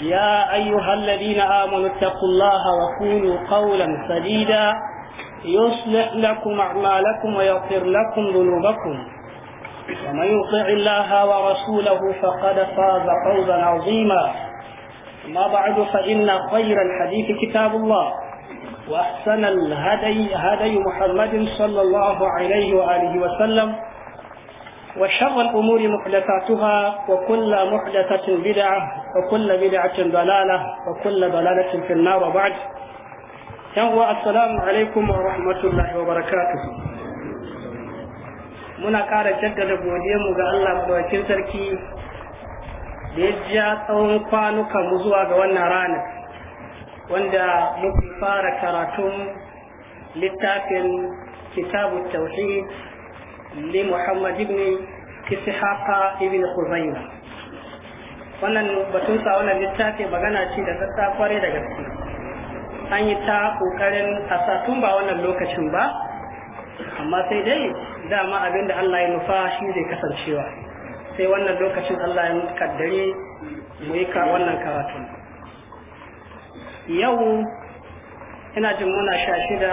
يا أيها الذين آمنوا اتقوا الله وقولوا قولا سديدا يصلح لكم أعمالكم ويغفر لكم ذنوبكم ومن يطع الله ورسوله فقد فاز فوزا عظيما ما بعد فإن خير الحديث كتاب الله وأحسن الهدي هدي محمد صلى الله عليه وآله وسلم وشر الأمور محدثاتها وكل محدثة بدعة وكل بدعة ضلالة وكل ضلالة في النار وبعد يوم السلام عليكم ورحمة الله وبركاته muna ƙara jaddada mu ga Allah maɗaukin sarki da ya tsawon kwanukan mu zuwa ga wannan rana wanda muke fara karatun littafin kitabu tauhid لمحمد بن إسحاق ابن خزيمة wannan batun sa wannan littafi magana ce da sassa kware da gaske an yi ta kokarin a tun ba wannan lokacin ba amma sai dai dama abin da Allah ya nufa shi zai kasancewa sai wannan lokacin Allah ya kaddare mu yi wannan karatu yau ina jin muna sha shida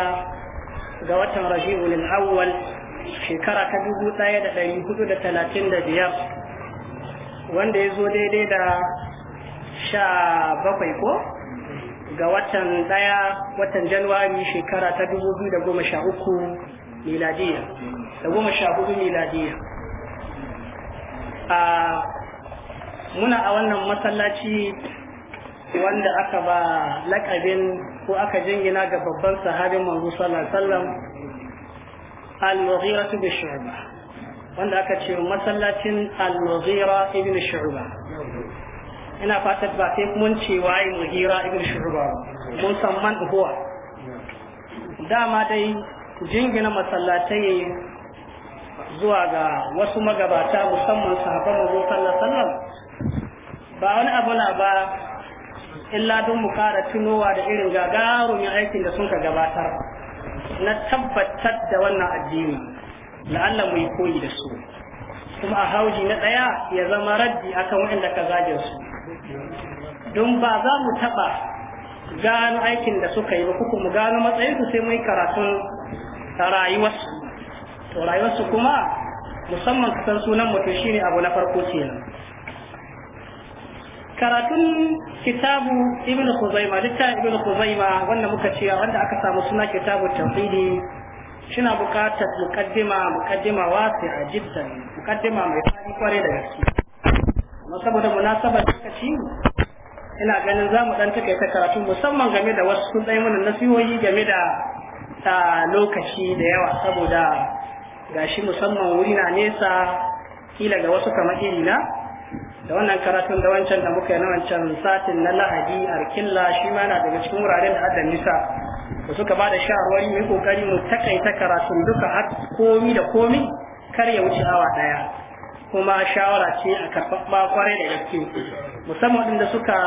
ga watan rajibu lil awwal shekara ta dubu ɗaya da ɗari hudu da talatin da biyar wanda ya zo daidai da sha bakwai ko ga watan ɗaya watan januwari shekara ta dubu biyu da goma sha uku miladiya da goma sha hudu miladiya muna a wannan masallaci wanda aka ba lakabin ko aka jingina ga babban sahabin manzo sallallahu alaihi wasallam al-mughira ibn shu'ba wanda aka ce masallacin al-mughira ibn shu'ba ina fatan ba sai mun ce waye mughira ibn shu'ba mun san man huwa dama dai jingina masallatai zuwa ga wasu magabata musamman sahabban manzo sallallahu alaihi ba wani abu na ba illa don mu kara tunowa da irin gagarumin aikin da sun ka gabatar na tabbatar da wannan addini la'alla mu yi koyi da su kuma a hauji na ɗaya ya zama raddi akan waɗanda ka zage su don ba za mu taɓa gano aikin da suka yi ba kuku mu gano matsayinsu sai mu yi karatun rayuwarsu to rayuwarsu kuma musamman kasan sunan mutum shine abu na farko kenan karatun kitabu ibnu Kuzaima, littafin ibnu Kuzaima, wanda muka ce wanda aka samu suna kitabu tauhidi shina buƙatar mukaddima mukaddima wasi'a jiddan mukaddima mai tsari kware da gaske amma saboda munasabar lokaci ina ganin za mu dan takaita karatu musamman game da wasu sun dai mana nasihohi game da ta lokaci da yawa saboda gashi musamman wuri na nesa kila ga wasu kamar irina da wannan karatun da wancan da muka yi na wancan satin na lahadi rikinla shi ma yana daga cikin wuraren da adda nisa da suka ba da shawarwari yi kokari mu takaita karatun duka har komi da komi kar ya wuce awa daya kuma shawara ce a karfafa kwarai da gaske musamman inda suka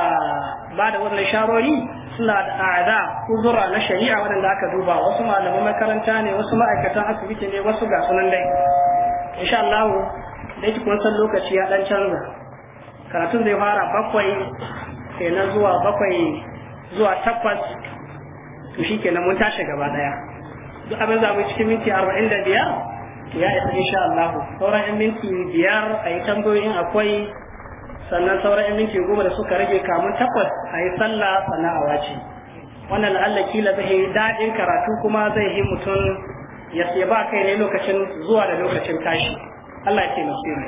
ba da wannan shawarwari suna da ada kuzura na shari'a waɗanda aka duba wasu malaman makaranta ne wasu ma'aikatan asibiti ne wasu ga sunan dai insha Allah da kuma san lokaci ya dan canza karatun zai fara bakwai kenan zuwa bakwai zuwa takwas to shi kenan mun tashi gaba daya duk abin za mu cikin minti arba'in da biyar ya isa insha Allah sauran yan minti biyar a yi tambayoyin akwai sannan sauran yan minti goma da suka rage kamun takwas a yi sallah sannan a wace wannan la'alla kila zai yi daɗin karatu kuma zai yi mutum ya ba kai ne lokacin zuwa da lokacin tashi Allah ya taimake mu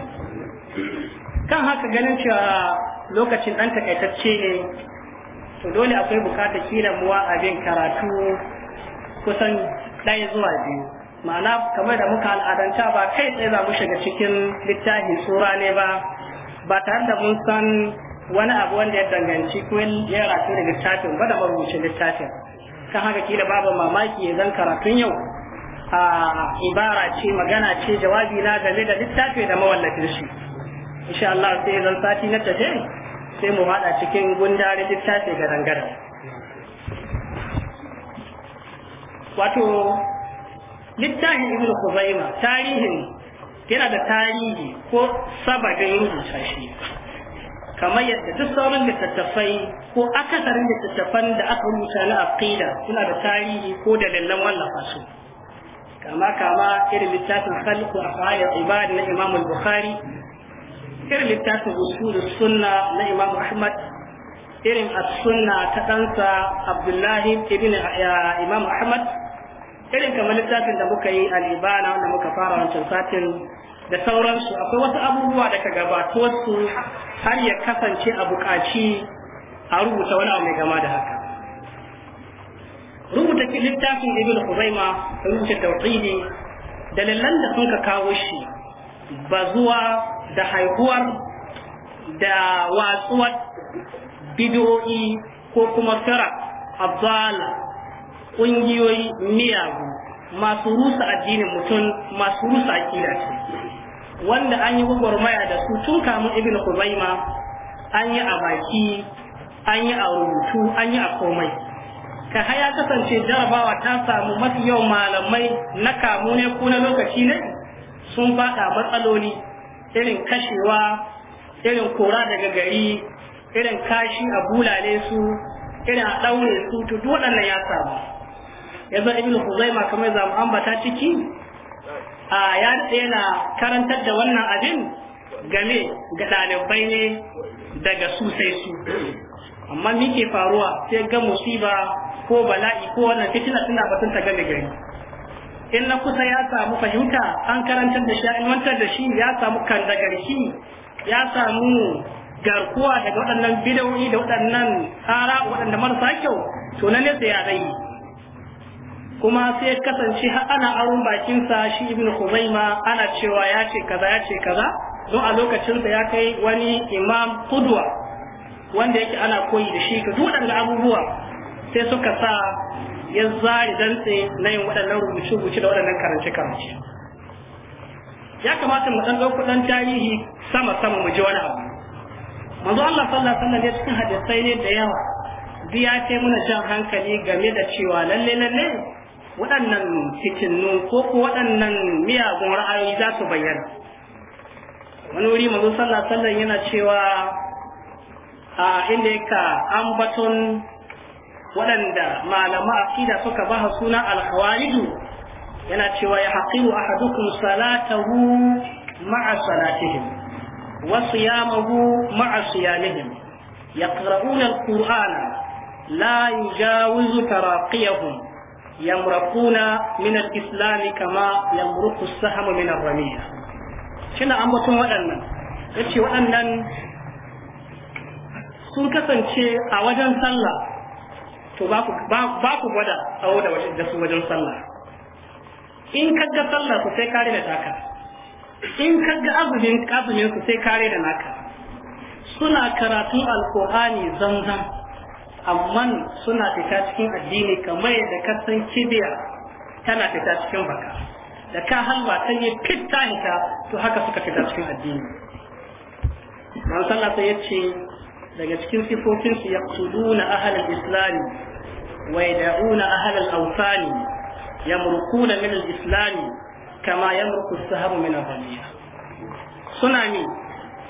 kan haka ganin cewa lokacin ɗan takaitacce ne to dole akwai bukata kila muwa abin karatu kusan ɗaya zuwa biyu ma'ana kamar da muka al'adanta ba kai tsaye za mu shiga cikin littafi tsura ne ba ba tare da mun san wani abu wanda ya danganci ko ya rasu da littafin ba da marubucin littafin kan haka kila babu mamaki ya zan karatun yau a ibara ce magana ce jawabi na game da littafi da mawallafin shi insha Allah sai zan sati na tafe sai mu hada cikin gundare littafi ga dangara wato littafin ibn Khuzaimah tarihin yana da tarihi ko sabagin rubuta shi kamar yadda duk sauran littattafai ko akasarin littattafan da aka rubuta na aqida suna da tarihi ko da dalilan wallafa su kama kama irin littafin khalqu af'al ibad na Imam al-Bukhari irin littafin usul sunna na imam ahmad irin as-sunna ta ɗansa abdullahi ibn imam ahmad irin kamar littafin da muka yi al'ibana da muka fara wancan satin da sauransu akwai wasu abubuwa da ka gabato su har ya kasance a buƙaci a rubuta wani abu mai gama da haka rubuta littafin ibn huzaima rubuta tauhidi dalilan da sun ka kawo shi bazuwa da haihuwar da watsuwar bidiyoyi ko kuma fira abdala ƙungiyoyi miyagu masu rusa addinin mutum masu rusa akida ce wanda an yi gwagwarmaya da su tun kamun ibn kubaima an yi a baki an yi a rubutu an yi a komai ka haya kasance jarabawa ta samu mafi yau malamai na kamu ne ko na lokaci ne sun faɗa matsaloli irin kashewa irin kora daga gari irin kashi a bulale su irin a ɗaure su to duk waɗannan ya samu Ya yanzu ibnu huzaima kamar zamu ambata ciki a ya yana karantar da wannan abin game ga ɗalibai ne daga su sai su amma me faruwa sai ga musiba ko bala'i ko wannan fitina suna batun ta game gari in na kusa ya samu fahimta an karantar da shi da shi ya samu kandagarki ya samu garkuwa daga waɗannan bidowi da waɗannan tsara waɗanda marasa kyau to na nesa ya zai kuma sai ya kasance har ana aron bakinsa shi ibn Khuzaima ana cewa ya ce kaza ya ce kaza don a lokacinsa ya kai wani imam kudwa wanda yake ana koyi da shi ga duk waɗanda abubuwa sai suka sa ya zari dantse na yin waɗannan rubuce-rubuce da waɗannan karance-karance ya kamata mu ɗan ɗauko ɗan tarihi sama-sama mu ji wani abu manzo Allah sallallahu alaihi wasallam ya cikin hadisai ne da yawa biya ce muna jan hankali game da cewa lalle lalle waɗannan fitinnu ko ko waɗannan miyagun ra'ayoyi za su bayyana wani wuri manzo sallallahu alaihi wasallam yana cewa a inda yake ambaton waɗanda malama aqida suka ba suna al yana cewa ya haqiru ahadukum salatahu ma'a salatihim wa siyamahu ma'a siyamihim yaqra'una al ƙur'ana. la yujawizu taraqiyahum ya min al-islam kama yamruqu as-sahmu min ramiya. ramiya an ambaton waɗannan yace waɗannan sun kasance a wajen sallah to ba ku ba ku gwada tsawo da wajen da su wajen sallah in ga sallah ku sai kare da taka in ga azumin azumin ku sai kare da naka suna karatun alqur'ani zanzan amma suna fita cikin addini kamar yadda ka san kibiya tana fita cikin baka da ka halwa ta yi fitta to haka suka fita cikin addini. Manzon Allah sai ya ce daga cikin sifofin su yaqtuluna ahal al-islam wa yad'una ahal al ya yamruquna min al-islam kama yamruqu as-sahamu min al-ghaliya suna ne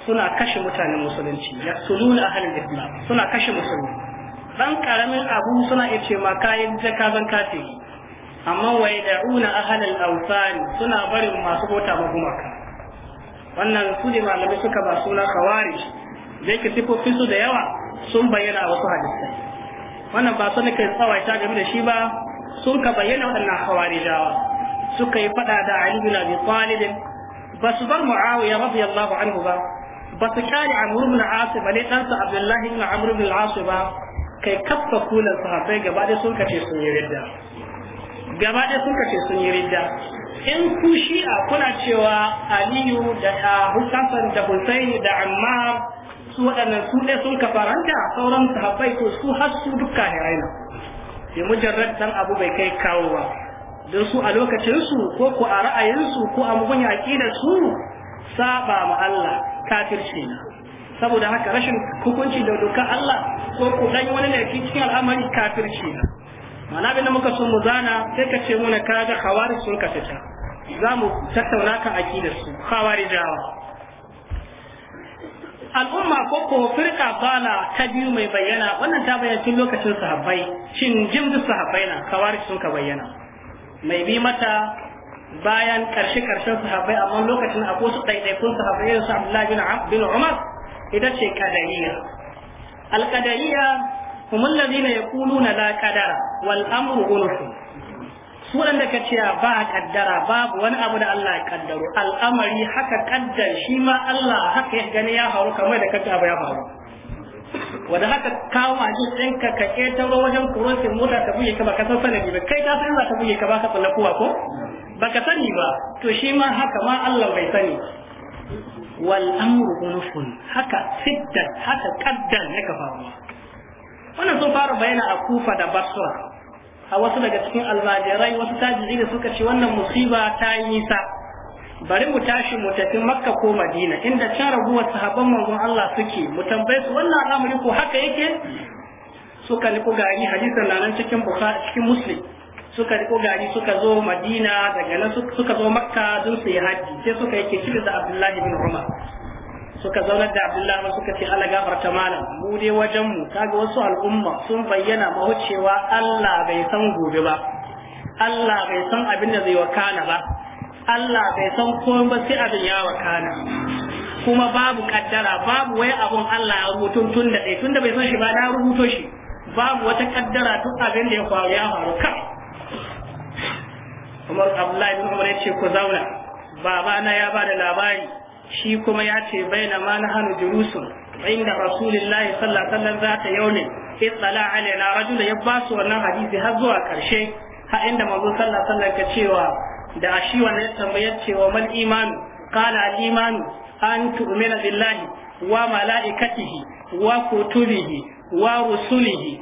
suna kashe mutanen musulunci yaqtuluna ahal al-islam suna kashe musulmi dan karamin abu suna iya ce ma kayan jaka zan kafe amma wai da'una ahalal awsan suna barin masu bota magumaka wannan su ne malamai suka ba suna kawarish da yake sifofin su da yawa sun bayyana a wasu hadisai wannan ba sun kai tsawaita game da shi ba sun ka bayyana waɗannan hawarijawa suka yi faɗa da Ali bin Abi Talib ba su bar Muawiya radiyallahu anhu ba ba su kare Amr ibn As ba ne ɗansa Abdullahi ibn Amr ibn As ba kai kaffa kulan sahabbai gaba sun kace sun yi ridda gaba ɗaya sun kace sun yi ridda in ku shi'a kuna cewa Aliyu da Hassan ah, da Hussein da Ammar su waɗannan su ɗaya sun kafaranta sauran sahabbai ko su har su dukka ne raina bi mujarrad dan abu bai kai kawo ba don su a lokacinsu ko ko a ra'ayinsu ko a mugun aqidar su saba ma Allah kafirci na saboda haka rashin hukunci da dokar Allah ko ko dan wani ne cikin al'amari kafirci na mana bin muka so mu zana sai ka ce muna kaga khawarij sun kafita za mu tattauna kan aqidar su khawarijawa al'umma ko ko firka bala ta biyu mai bayyana wannan ta bayyana tun lokacin sahabbai shin jin su sahabbai na kawari sun ka bayyana mai bi mata bayan karshe karshen sahabbai amma lokacin akwai su ɗaiɗaikun sahabbai irin su Abdullahi bin Umar ita ce kadariya al-kadariya hum alladhina yaquluna la qadara wal amru unufu. su waɗanda ka ce ba a kaddara babu wani abu da Allah ya kaddaro al'amari haka kaddar shi ma Allah haka ya gani ya faru kamar da kaddar abu ya faru wanda haka kawo a jin ɗinka ka ƙetaro wajen kurosin mota ta buge ka ba ka san sanadi ba kai ta san za ta buge ka ba ka tsalla kowa ko ba ka sani ba to shi ma haka ma Allah bai sani wal amru gunfun haka siddan haka kaddar, ya ka faru wannan sun fara bayyana a kufa da basra a wasu daga cikin almajirai wasu tajiri da suka ce wannan musiba ta yi nisa bari mu tashi mu tafi makka ko madina inda can raguwar sahabban manzon Allah suke mu tambaye su wannan al'amari ko haka yake suka riko gari hadisan nan cikin bukhari cikin muslim suka riko gari suka zo madina daga nan suka zo makka don su yi haji sai suka yake shi da abdullahi bin umar suka zaunar da abdullahi ba suka ce Allah gafarta malam mu dai wajen mu kaga wasu al'umma sun bayyana mahucewa Allah bai san gobe ba Allah bai san abin da zai wakana ba Allah bai san komai ba sai abin ya wakana kuma babu kaddara babu wai abun Allah ya rubuto tun da dai tunda bai san shi ba na rubuto shi babu wata kaddara duk abin da ya faru ya faru ka Umar Abdullahi bin Umar ya ce ku zauna babana ya ba da labari shi kuma ya ce bai ma na hannu jirusun, inda rasulullahi sallallahu alaihi wasallam zata yaumin itsala rajin da ya ba su wannan hadisi har zuwa karshe ha inda mazu sallallahu ka cewa da a shi wannan tambayar cewa mal imanu kana al iman an tu'mina billahi wa malaikatihi wa kutubihi wa rusulihi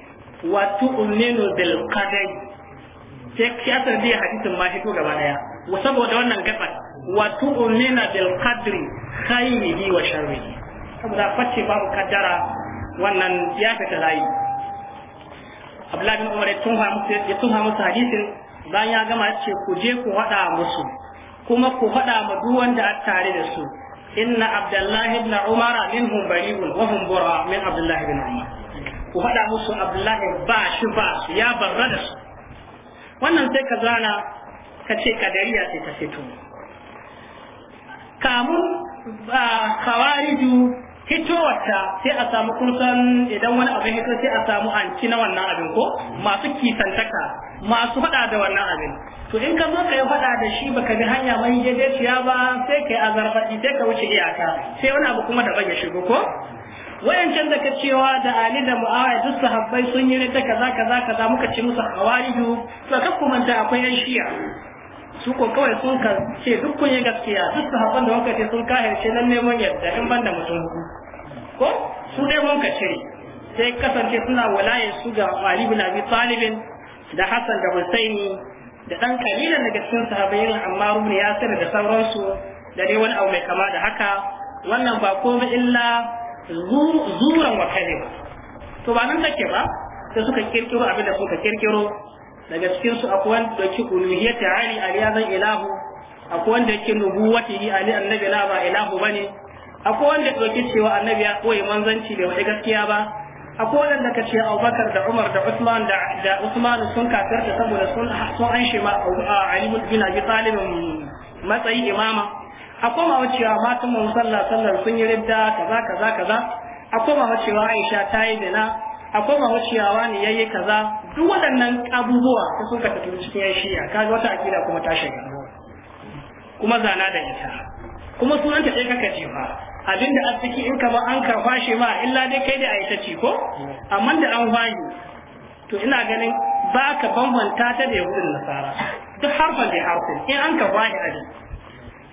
wa tu'minu bil qadari sai ya tarbiya hadisin ma hito gaba daya saboda wannan gabar wa tu'mina bil qadri khayrihi wa sharrihi saboda face babu kaddara wannan ya fita layi Abdullahi bin Umar ya tunha musu hadisin bayan ya gama ya ce ku je ku faɗa musu kuma ku faɗa ma duk wanda a tare da su inna Abdullahi ibn Umar minhum bari'un wa hum burra min Abdullahi bin Umar ku faɗa musu Abdullahi ba shi ba su ya barra da su wannan sai ka zana ka ce kadariya sai ta fito kamun kawariju hitowarta sai a samu kusan idan wani abin hito sai a samu anci na wannan abin ko masu kisantaka masu faɗa da wannan abin to in ka zo ka yi faɗa da shi baka bi hanya mai ya ba sai ka yi azarfaɗi sai ka wuce iyaka sai wani abu kuma da ya shigo ko wayancan da ka cewa da ali da Mu'awai, duk sahabbai sun yi rita kaza kaza kaza muka ce musu hawariju to kakkumanta akwai yan shiya su ko kawai sun ka ce duk kun yi gaskiya duk su haɓan da wanka ce sun kahirce nan neman yadda in ban da mutum ko su dai wanka sai kasance suna walaye su ga Ali bin Abi Talibin da Hassan da Husaini da ɗan kalilan daga cikin sahabbayin amma rubni ya sani da sauransu da dai wani abu mai kama da haka wannan ba komai illa zuran wa kalima to ba nan take ba sai suka kirkiro abin da suka kirkiro daga cikin su akwai wanda yake uluhiyyati ali ali ya zan ilahu akwai wanda yake nubuwati ali annabi la ba ilahu bane akwai wanda yake cewa annabi ya koyi manzanci da wani gaskiya ba akwai wanda ka ce Abubakar da Umar da Usman da da Usman sun kafirta saboda sun sun an shi ma Ali bin Abi Talib matsayi imama akwai ma cewa matan mu sallallahu sallar sun yi ridda kaza kaza kaza akwai ma cewa Aisha ta yi dana akwai mamaciyawa ne yayi kaza duk waɗannan abubuwa ta suka tafi cikin yan shiya kaga wata akida kuma ta shiga kuma zana da ita kuma sunanta sai kaka ce fa abinda a ciki in kama an karfa shi ma illa dai kai da a ita ce ko amma da an wayi to ina ganin ba bambanta ta da yahudin nasara duk harfan da harfin in an ka wayi aji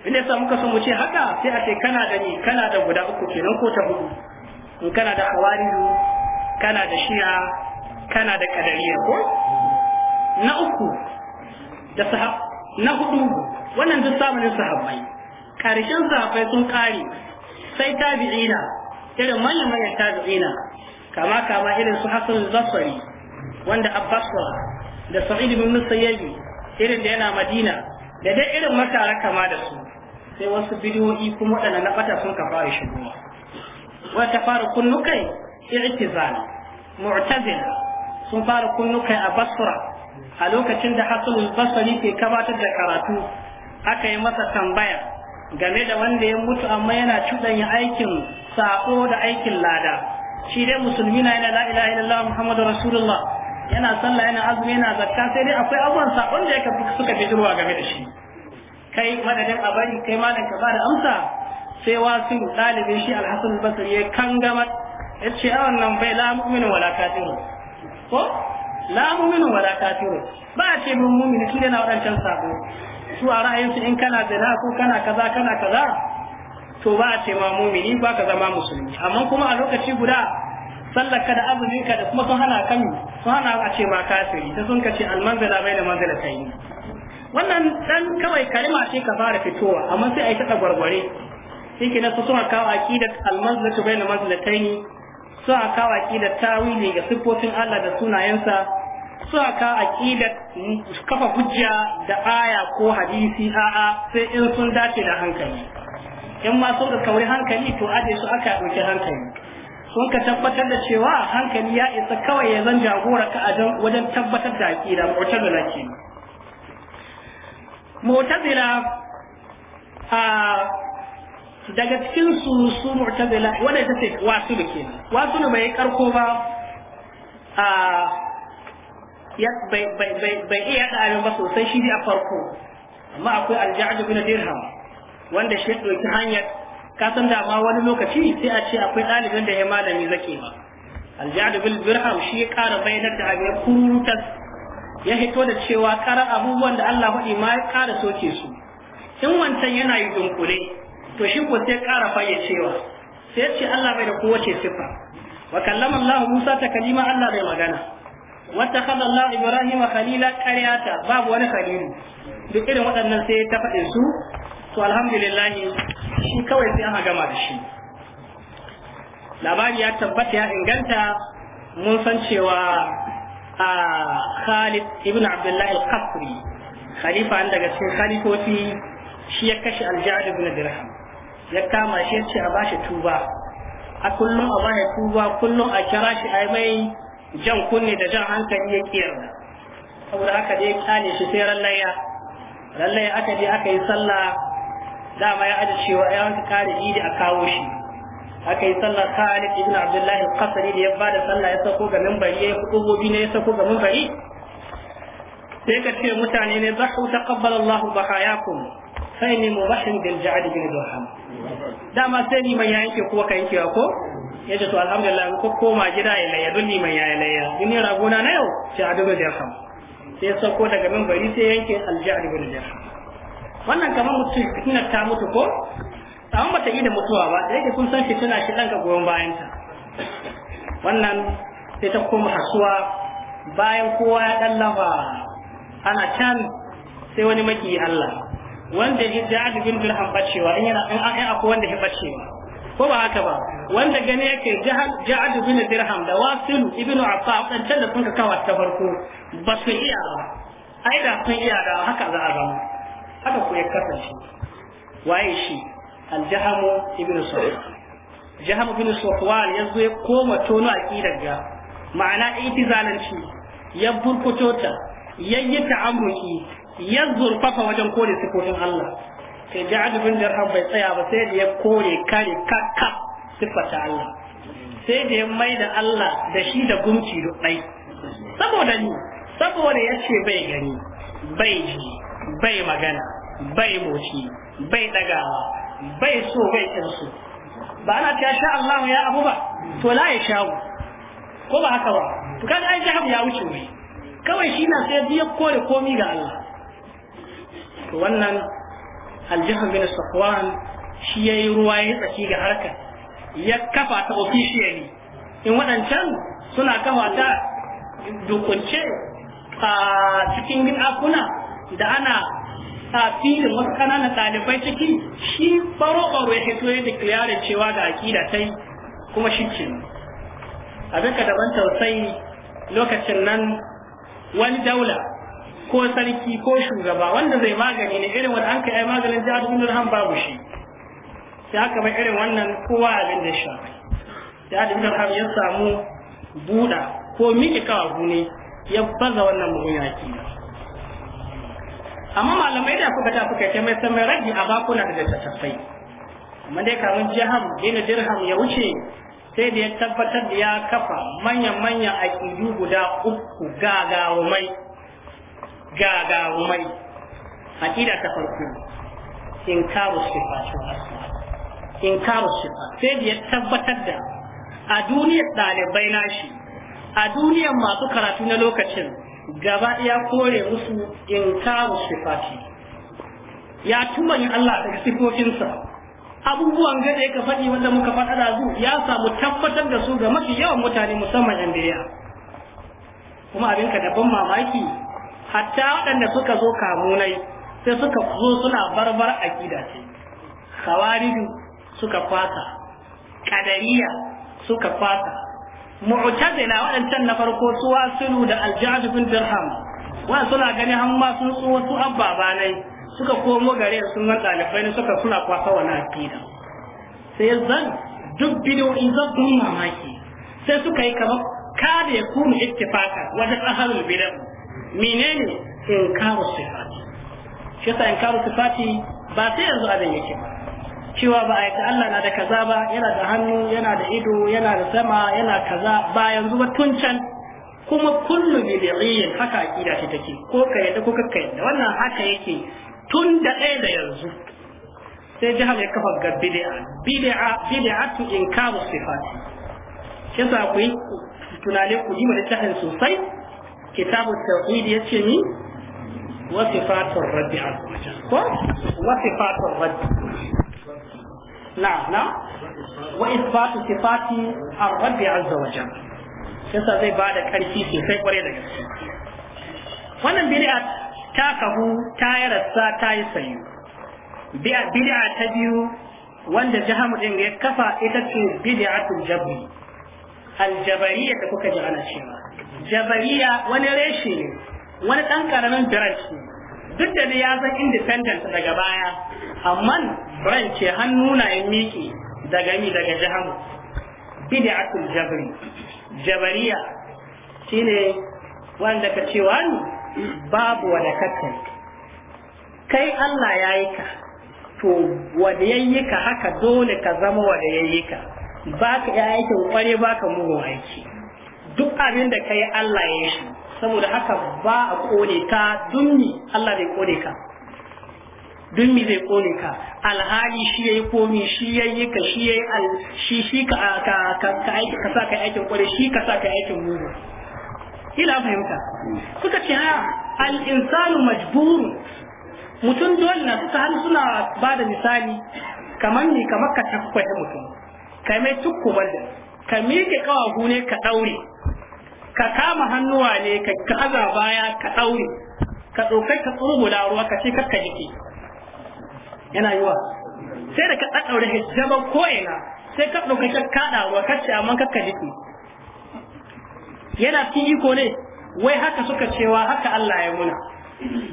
in yasa muka so mu ce haka sai a ce kana da ni kana da guda uku kenan ko ta hudu in kana da hawari kana da shi'a kana da kadariya ko na uku da sahab na hudu wannan duk samunin sahabbai karshen sahabbai sun kare sai tabi'ina irin manyan manyan tabi'ina kama kama irin su hasan zafari wanda abbaswa da sa'id ibn musayyibi irin da yana madina da dai irin matara kama da su sai wasu bidiyoyi kuma waɗanda na bata sun ka fara shigowa wata fara kunnukai i'tizal mu'tazila sun fara kunnukai a basra a lokacin da hasanul basari ke kabatar da karatu aka yi masa tambaya game da wanda ya mutu amma yana cuɗanya aikin sako da aikin lada shi dai musulmi na yana la ilaha illallah muhammadu rasulullah yana sallah yana azumi yana zakka sai dai akwai abubuwan sakon da yake suka fi jirwa game da shi kai madadin a bari kai malam ka bada amsa sai wasu ɗalibin shi alhassan basir ya kangama yace a wannan bai la mu'minu wala kafiru ko la mu'minu wala kafiru ba a ce mun mu'mini ne na wadancan sabo su a su in kana da, ko kana kaza kana kaza to ba a ce ma mu'mini ba ka zama musulmi amma kuma a lokaci guda sallaka da zinka da kuma sun hana kan sun hana a ce ma kafiri ta sun kace manzala bai da manzala ta yi wannan dan kawai kalma ce ka fara fitowa amma sai a yi ta gwargware shi ke na su suna kawo aqidar almanzala bai da manzala ta yi su a kawo aƙidar tawili ga siffofin Allah da sunayensa su a kawo aƙidar kafa hujja da aya ko hadisi a'a sai in sun dace da hankali in ma sun kauri hankali to aje su aka ɗauki hankali sun ka tabbatar da cewa hankali ya isa kawai ya zan jagora ka wajen tabbatar da aƙida mu'tazila ke mu'tazila a daga cikin su su mu'tazila wanda ta ce wasu da ke wasu ne bai karko ba a ya bai bai bai bai iya da abin ba sosai shi a farko amma akwai al-ja'd bin dirham wanda shi doki hanyar ka san da ma wani lokaci sai a ce akwai dalibin da ya malami zake ba al bin dirham shi ya kara bayyana da abin kurutas ya hito da cewa karar abubuwan da Allah faɗi ma ya kara soke su in wancan yana yi dunkule to shi ko sai ƙara fayyacewa sai ce Allah bai da kowace siffa wa kallama Allah Musa ta kalima Allah bai magana wata kada Allah Ibrahim khalila ƙaryata babu wani khalilu duk irin waɗannan sai ta faɗi su to alhamdulillah shi kawai sai an gama da shi labari ya tabbata ya inganta mun san cewa a Khalid ibn Abdullah al-Qasri khalifa daga cikin khalifofi shi ya kashe al ibn Dirham ya kama shi ya ce a bashi tuba a kullum a bashi tuba kullum a kira shi a mai jan kunne da jan hankali ya kiyar saboda haka dai kyale shi sai rallaya rallaya aka je aka yi sallah dama ya aji cewa ya wanka kare idi a kawo shi aka yi sallah Khalid ibn Abdullahi al-Qasri da ya ba da sallah ya sako ga minbari ya kudu gobi ne ya sako ga minbari sai ka ce mutane ne zahu taqabbala Allahu bahayakum fa inni mubahhin bil ja'd bin dirham dama sai ni mai ya yanke kuma ka yankewa ko ya ce to alhamdulillah ko koma gida ya layya dun liman ya layya dun ya ragona na yau sai a dubu dirham sai sauko daga bari sai yanke aljar ibn dirham wannan kamar mutum fitnar ta mutu ko amma bata yi da mutuwa ba da yake kun san shi tana shi ɗanka goyon bayan ta wannan sai ta koma hasuwa bayan kowa ya ɗan ana can sai wani maki Allah wanda ya jahilun bil bacewa in yana in akwai wanda ya bacewa ko ba haka ba wanda gane yake ja'ad bin dirham da wasil ibnu affa dan da sun ka kawo ta farko ba su iya ba ai da sun iya da haka za a zama haka ko ya kasance waye shi aljahamu ibnu sa'id jahamu ibnu sufwan yanzu ya koma tono kidar ga ma'ana itizalanci ya burkuto ta yayyata amruki ya zurfafa wajen kore sifofin Allah sai da bin dirham bai tsaya ba sai da ya kore kare kakka siffata Allah sai da ya mai da Allah da shi da gumci ɗai saboda ni saboda ya ce bai gani bai ji bai magana bai moci bai ɗagawa bai so bai kinsu ba ana ta sha Allah ya abu ba to la ya shawo ko ba haka ba to kaga ai jahab ya wuce wai kawai shi na sai ya kore komi ga Allah to wannan aljihar bin safwan shi ya yi ruwa ya tsaki ga harkar ya kafa ta officially in waɗancan suna kafa ta dukunce a cikin kuna da ana a filin wasu ƙananan ɗalibai ciki shi baro-baro ya fito ya declare cewa ga akida tai kuma shi ce abin daban tausayi lokacin nan wani daula ko sarki ko shugaba wanda zai magani ne irin wanda an kai maganin jihar ibn dirham babu shi sai haka mai irin wannan kowa abin da sha jihar ibn dirham ya samu buɗa ko miƙe kawagu ne ya baza wannan mugun yaki amma malamai da kuka ta kuka kai mai san mai ragi a bakuna da tattafai amma dai kamun jihar gina dirham ya wuce sai da ya tabbatar da ya kafa manyan-manyan aƙidu guda uku mai gagarumai aqida ta farko in inkaru sifatul asma inkaru sifa sai da ya tabbatar da a duniyar ɗalibai nashi a duniyar masu karatu na lokacin gaba ya kore musu in inkaru sifati ya tuma tumani Allah daga sifofinsa abubuwan gada ka faɗi wanda muka faɗa da zu ya samu tabbatar da su ga mafi yawan mutane musamman yan biriya kuma abin ka daban mamaki hatta waɗanda suka zo kamunai sai suka zo suna barbar a gidaje. khawaridu suka fasa. kadariya suka kwasa mu'tazila waɗancan na farko su wasulu da aljaz bin dirham wa suna gani har ma sun tso wasu ababanai suka komo gare sun nan ɗalibai ne suka suna kwasa wani aƙida sai zan duk bidiyoyi zan mamaki sai suka yi kamar kada ya kuma ittifaka wajen ahalul bid'a menene inkaru sifati shi yasa inkaru sifati ba sai yanzu abin yake ba cewa ba a yi Allah na da kaza ba yana da hannu yana da ido yana da sama yana kaza ba yanzu ba tun can kuma kullu bid'iyyin haka akida ce take ko ka yadda ko kakka yadda wannan haka yake tun da ɗaya da yanzu sai jihar ya kafa ga bid'a bid'a in inkaru sifati shi yasa ku yi ku yi mu littafin sosai kitabu tauhid ce ni wasu sifatur rabbi azza ko wasu sifatur rabbi Na na, wa isbatu sifati ar-rabbi azza wa jalla yasa zai bada karfi sosai kware da gaske wannan bid'a ta kahu ta yarsa ta yi sayu bid'a ta biyu wanda jahamu din ya kafa ita ce bid'atul jabri aljabariya da kuka ji ana cewa jabariya wani reshe ne wani ɗan ƙaramin branch ne duk da ya san independent daga baya amma branch hannu na yin miƙe daga mi daga jahamu bid'atul jabri jabariya shine wanda ka ce ni? babu wanda kai Allah ya yi ka to wanda ya yi ka haka dole ka zama wanda ya yi ka ba ka yi aikin kware ba ka mugun aiki duk abin da ka yi Allah ya shi saboda haka ba a kone ka dummi Allah bai kone ka dummi zai kone ka alhali shi ya yi komi shi ya yi ka shi ya yi shi shi ka ka sa ka aikin kware shi ka sa ka aikin mugu ila fahimta suka ce al-insanu majburu mutum dole na suka hannu suna ba da misali kamar ni kamar ka takwata mutum ka mai tukkumar da ka miƙe ƙawaku ne ka ɗaure ka kama hannuwa ne ka kaza baya ka ɗaure ka ɗaukai ka tsugula ruwa ka ce kakka jiki yana yiwa sai da ka ɗaɗɗaure hijaban ko'ina sai ka ɗaukai ka kaɗa ruwa ka ce amma kakka jiki yana cikin iko ne wai haka suka cewa haka Allah ya muna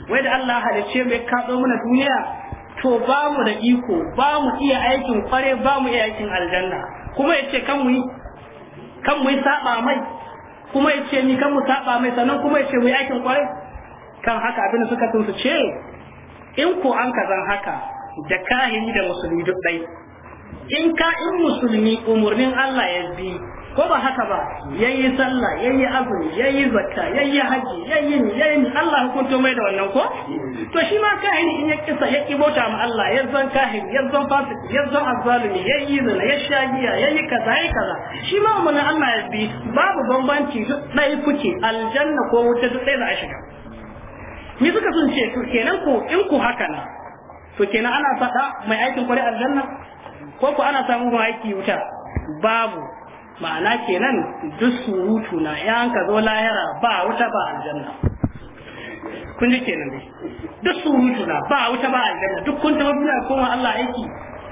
wai da Allah halicce mai kaɗo mana duniya to ba mu da iko ba mu iya aikin kware ba mu iya aikin aljanna kuma ya ce kan mu yi kan mu yi saba mai kuma ya ce ni kan mu saba mai sannan kuma ya ce mu yi aikin kware kan haka abin da suka tun su ce in ko an zan haka da kahiri da musulmi duk dai in ka in musulmi umarnin Allah ya bi ko ba haka ba yayi sallah yayi azumi yayi zakka yayi haji yayi ni yayi Allah hukunto mai da wannan ko to shi ma kahiri in ya kisa ya kibota ma Allah ya zan kahin ya zan fasik ya zan azzalimi yayi zina ya shagiya yayi kaza yayi kaza shi ma mun Allah ya bi babu bambanci duk dai kuke aljanna ko wuta duk dai za a shiga ni suka sun ce to kenan ko in ku haka na to kenan ana faɗa mai aikin kwari aljanna ko ku ana samun aiki wuta babu ma'ana kenan duk surutu na ya an ka zo lahira ba wuta ba aljanna kun ji kenan dai duk surutu na ba wuta ba aljanna duk kun taɓa duniya kuma Allah aiki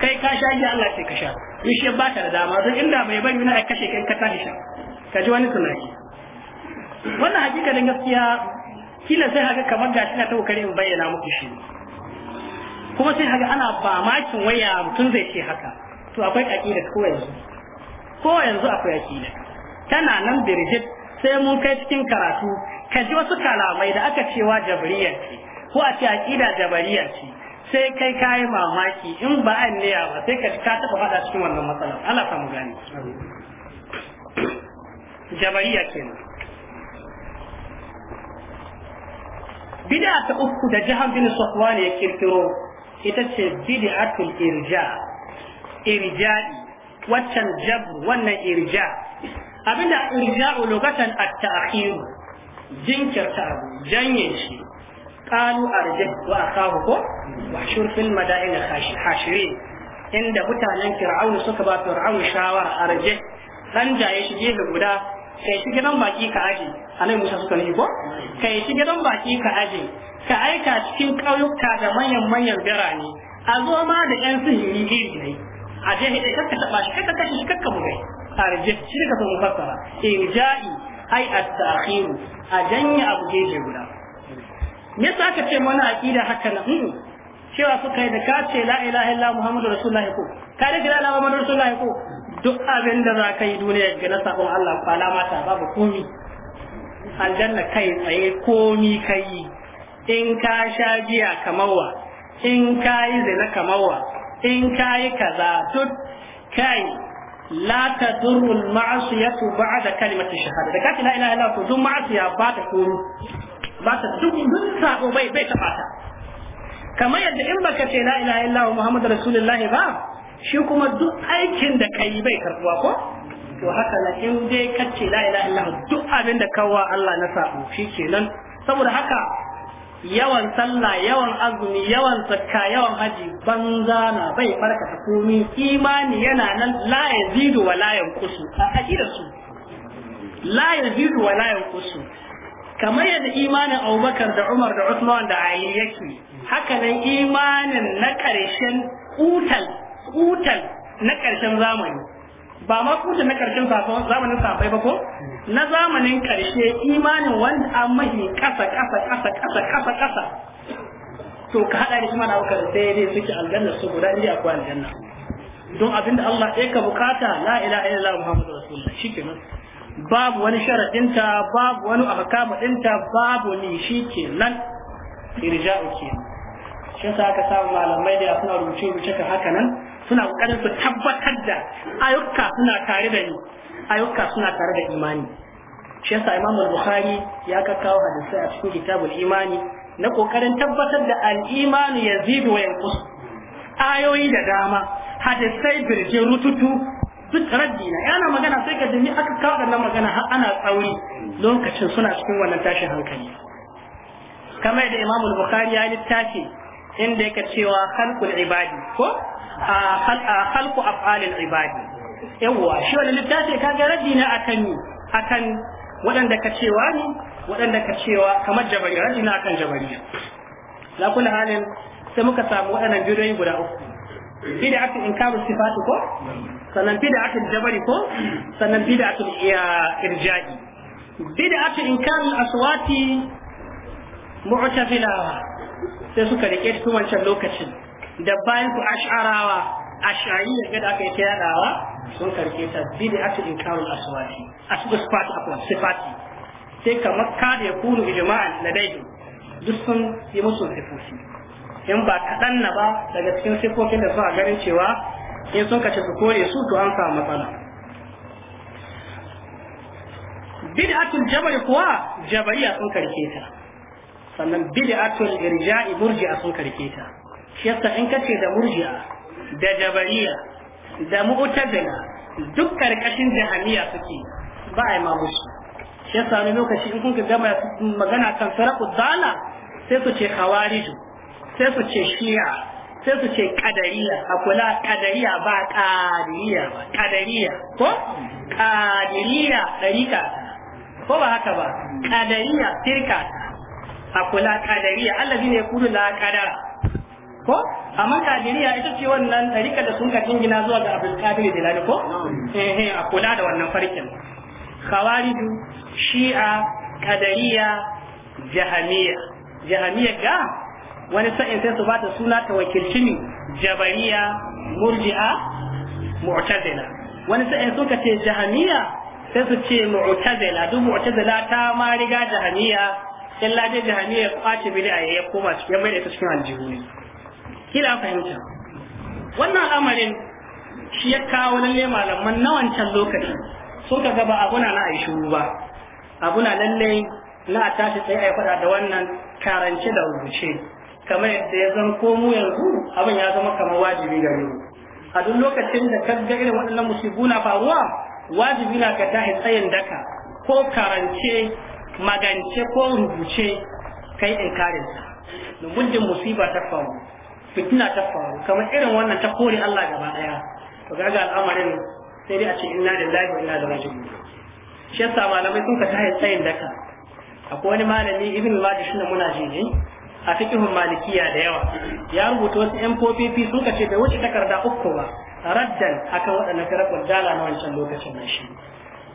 kai ka sha ji Allah sai ka sha in shi ba ta da dama don inda bai bari na kashe kai ka tashi sha ka ji wani tunani wannan hakikalin gaskiya kila sai haka kamar shi na ta kokarin in bayyana muku shi kuma sai haka ana ba makin waya mutum zai ce haka to akwai da kawai yanzu ko yanzu akwai ne tana nan birjit sai mun kai cikin karatu ka ji wasu kalamai da aka cewa jabriyar ce ko a ce akida jabariya ce sai kai kayi mamaki in ba an ba sai ka ka taba fada cikin wannan matsalar Allah ka mu gani jabariya ce bid'a ta uku da jihar bin Safwan ya kirkiro ita ce bid'atul irja irja'i waccan jabr wannan irja abinda irja lokacin at-ta'khir jinkirta abu janye shi qalu arjih wa akahu ko wa shur fil madain hashirin inda mutanen fir'aun suka ba fir'aun shawara arjih dan jaye shi gefe guda kai shi gidan baki ka aje anai musa suka ne ko kai shi gidan baki ka aje ka aika cikin ƙauyuka da manyan manyan birane a zo ma da 'yan sihiri iri ne a je hidai kakka taba shi kakka kashi shi kakka bugai tarje shi da kasan mufassara irja'i ai at-ta'khir a janya abu gefe guda me yasa aka ce mana aqida haka na hmm. cewa suka yi da ka ce la ilaha illa muhammadu rasulullahi ko ka da la ilaha muhammadu rasulullahi ko duk abin da za ka yi duniya ga na sabon Allah ko alama ta babu komi aljanna kai tsaye komi kai in ka sha giya kamawa, in ka yi zina kamawa. in kayi kaza duk kai la tadurru al-ma'siyatu ba'da kalimati shahada da kace la ila illa Allah duk ma'siya ba ta komi ba ta duk duk sabo bai bai taba ta kamar yadda in baka ce la ilaha illa Muhammadu Rasulullah ba shi kuma duk aikin da kai bai karbuwa ko to haka na in dai kace la ilaha illa duk abin da kawwa Allah na sabo shikenan saboda haka yawan sallah yawan azumi yawan zakka yawan haji banza na bai ta komi imani yana nan la yazidu wa la yanqusu a aqidar su la yazidu wa la yanqusu kamar yadda imanin Abubakar da Umar da Uthman da Ali yake haka nan imanin na karshen kutal kutal na karshen zamani ba ma kutal na karshen zamanin safai ba ko na zamanin ƙarshe imanin wanda an mahi ƙasa ƙasa ƙasa ƙasa ƙasa kasa to ka haɗa da shi mana da sai dai suke aljanna su guda inda akwai aljanna don abinda Allah ɗaya ka bukata la ilaha illallah muhammadu rasulullah shikenan babu wani sharaɗinta babu wani ahkama ɗinta babu ni shikenan irja'u ke. shi sa aka samu malamai da suna rubuce rubuce kan haka nan suna ƙoƙarin su tabbatar da ayyuka suna tare da ni ayyuka suna tare da imani shi yasa al Bukhari ya kakkawo hadisi a cikin kitabul imani na kokarin tabbatar da al-imanu yazidu wa yanqus ayoyi da dama hadisai birje rututu duk raddi yana magana sai ka dami aka kawo wannan magana har ana tsauri lokacin suna cikin wannan tashin hankali kamar yadda Imam Bukhari ya littafi inda yake cewa khalqul ibadi ko a khalqu af'alil ibadi yawwa shi wannan littafi kaga raddi na akan akan waɗanda ka cewa ni waɗanda ka cewa kamar jabariya raddi na akan jabariya la kullu halin sai muka samu waɗannan bidiyoyi guda uku bid'atu inkaru sifatu ko sannan bid'atu jabari ko sannan bid'atu irja'i bid'atu inkaru aswati mu'tazilawa sai suka rike su wancan lokacin da bayan ku ash'arawa ashariya da aka yi ta yadawa sun karke ta bid'atu inkarul aswati su sifati kuma sifati sai kamar ya da yakunu ijma'an ladaihi duk sun yi musu sifofi in ba kaɗan na ba daga cikin sifofin da suna ganin cewa in sun kace su kore su to an samu matsala bid'atul jabari kuwa jabariya sun karke ta sannan bid'atul irja'i murji'a sun karke ta shi yasa in kace da murji'a da jabariya da mu'tazila duk karkashin jahamiya suke ba a yi ma musu shi yasa ne lokaci in kun gama magana kan sarafu dala sai su ce khawarij sai su ce shi'a sai su ce kadariya a kula kadariya ba kadiriya ba kadariya ko kadiriya ɗarika ko ba haka ba kadariya firka a kula kadariya allazi ne kudu la kadara ko amma kadiriya ita ce wannan tarika da sun ka gina zuwa ga abul qadir jilani ko eh eh a kula da wannan farkin khawariju shi'a kadariya jahamiya jahamiya ga wani sa'in sai su bata suna ta wakilci ne jabariya murji'a mu'tazila wani sa'in sun ka ce jahamiya sai su ce mu'tazila duk mu'tazila ta ma riga jahamiya illa dai jahamiya ya kwace bid'a ya koma ya mai da ita cikin aljihu ne kila fahimta wannan al'amarin shi ya kawo lalle malaman na wancan lokaci sun ka gaba abuna na aishi ba abuna lalle na a tashi sai a yi faɗa da wannan karance da rubuce kamar yadda ya zan komo yanzu abin ya zama kamar wajibi gare mu a duk lokacin da ka ga irin waɗannan musibu na faruwa wajibi na ka tashi tsayin daka ko karance magance ko rubuce kai in Mun muddin musiba ta faru fitina ta faru kamar irin wannan ta kore Allah gaba daya to ga ga al'amarin sai dai a ce inna lillahi wa inna ilaihi raji'un shi yasa malamai sun ka tahi tsayin daka akwai wani malami ibn ladi shine muna jini a fikihun malikiya da yawa ya rubuta wasu MPPP sun ka ce bai wuce takarda uku ba raddan akan waɗannan karɓar dala na wancan lokacin nan shi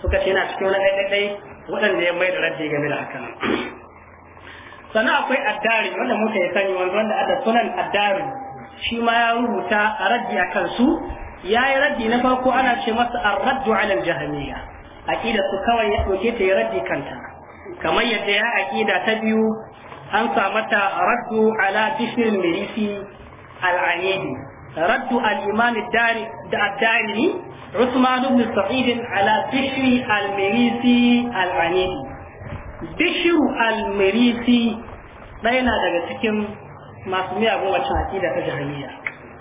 suka ce yana cikin wani ɗaiɗaiɗai waɗanda ya mai da raddi game da haka sannan akwai addari wanda muka ya sani wanda wanda ada sunan addari shi ma ya rubuta a raddi a kansu ya yi raddi na farko ana ce masa a raddu ala al aƙida su kawai ya ɗauke ta ya raddi kanta kamar yadda ya aƙida ta biyu an sa mata raddu ala bishr mirisi al raddu al-imam da ad-dari Usman ibn Sa'id ala bishr al-mirisi al bishiru al-marisi ɗaya na daga cikin masu miyagun wacce aƙida ta jahiliya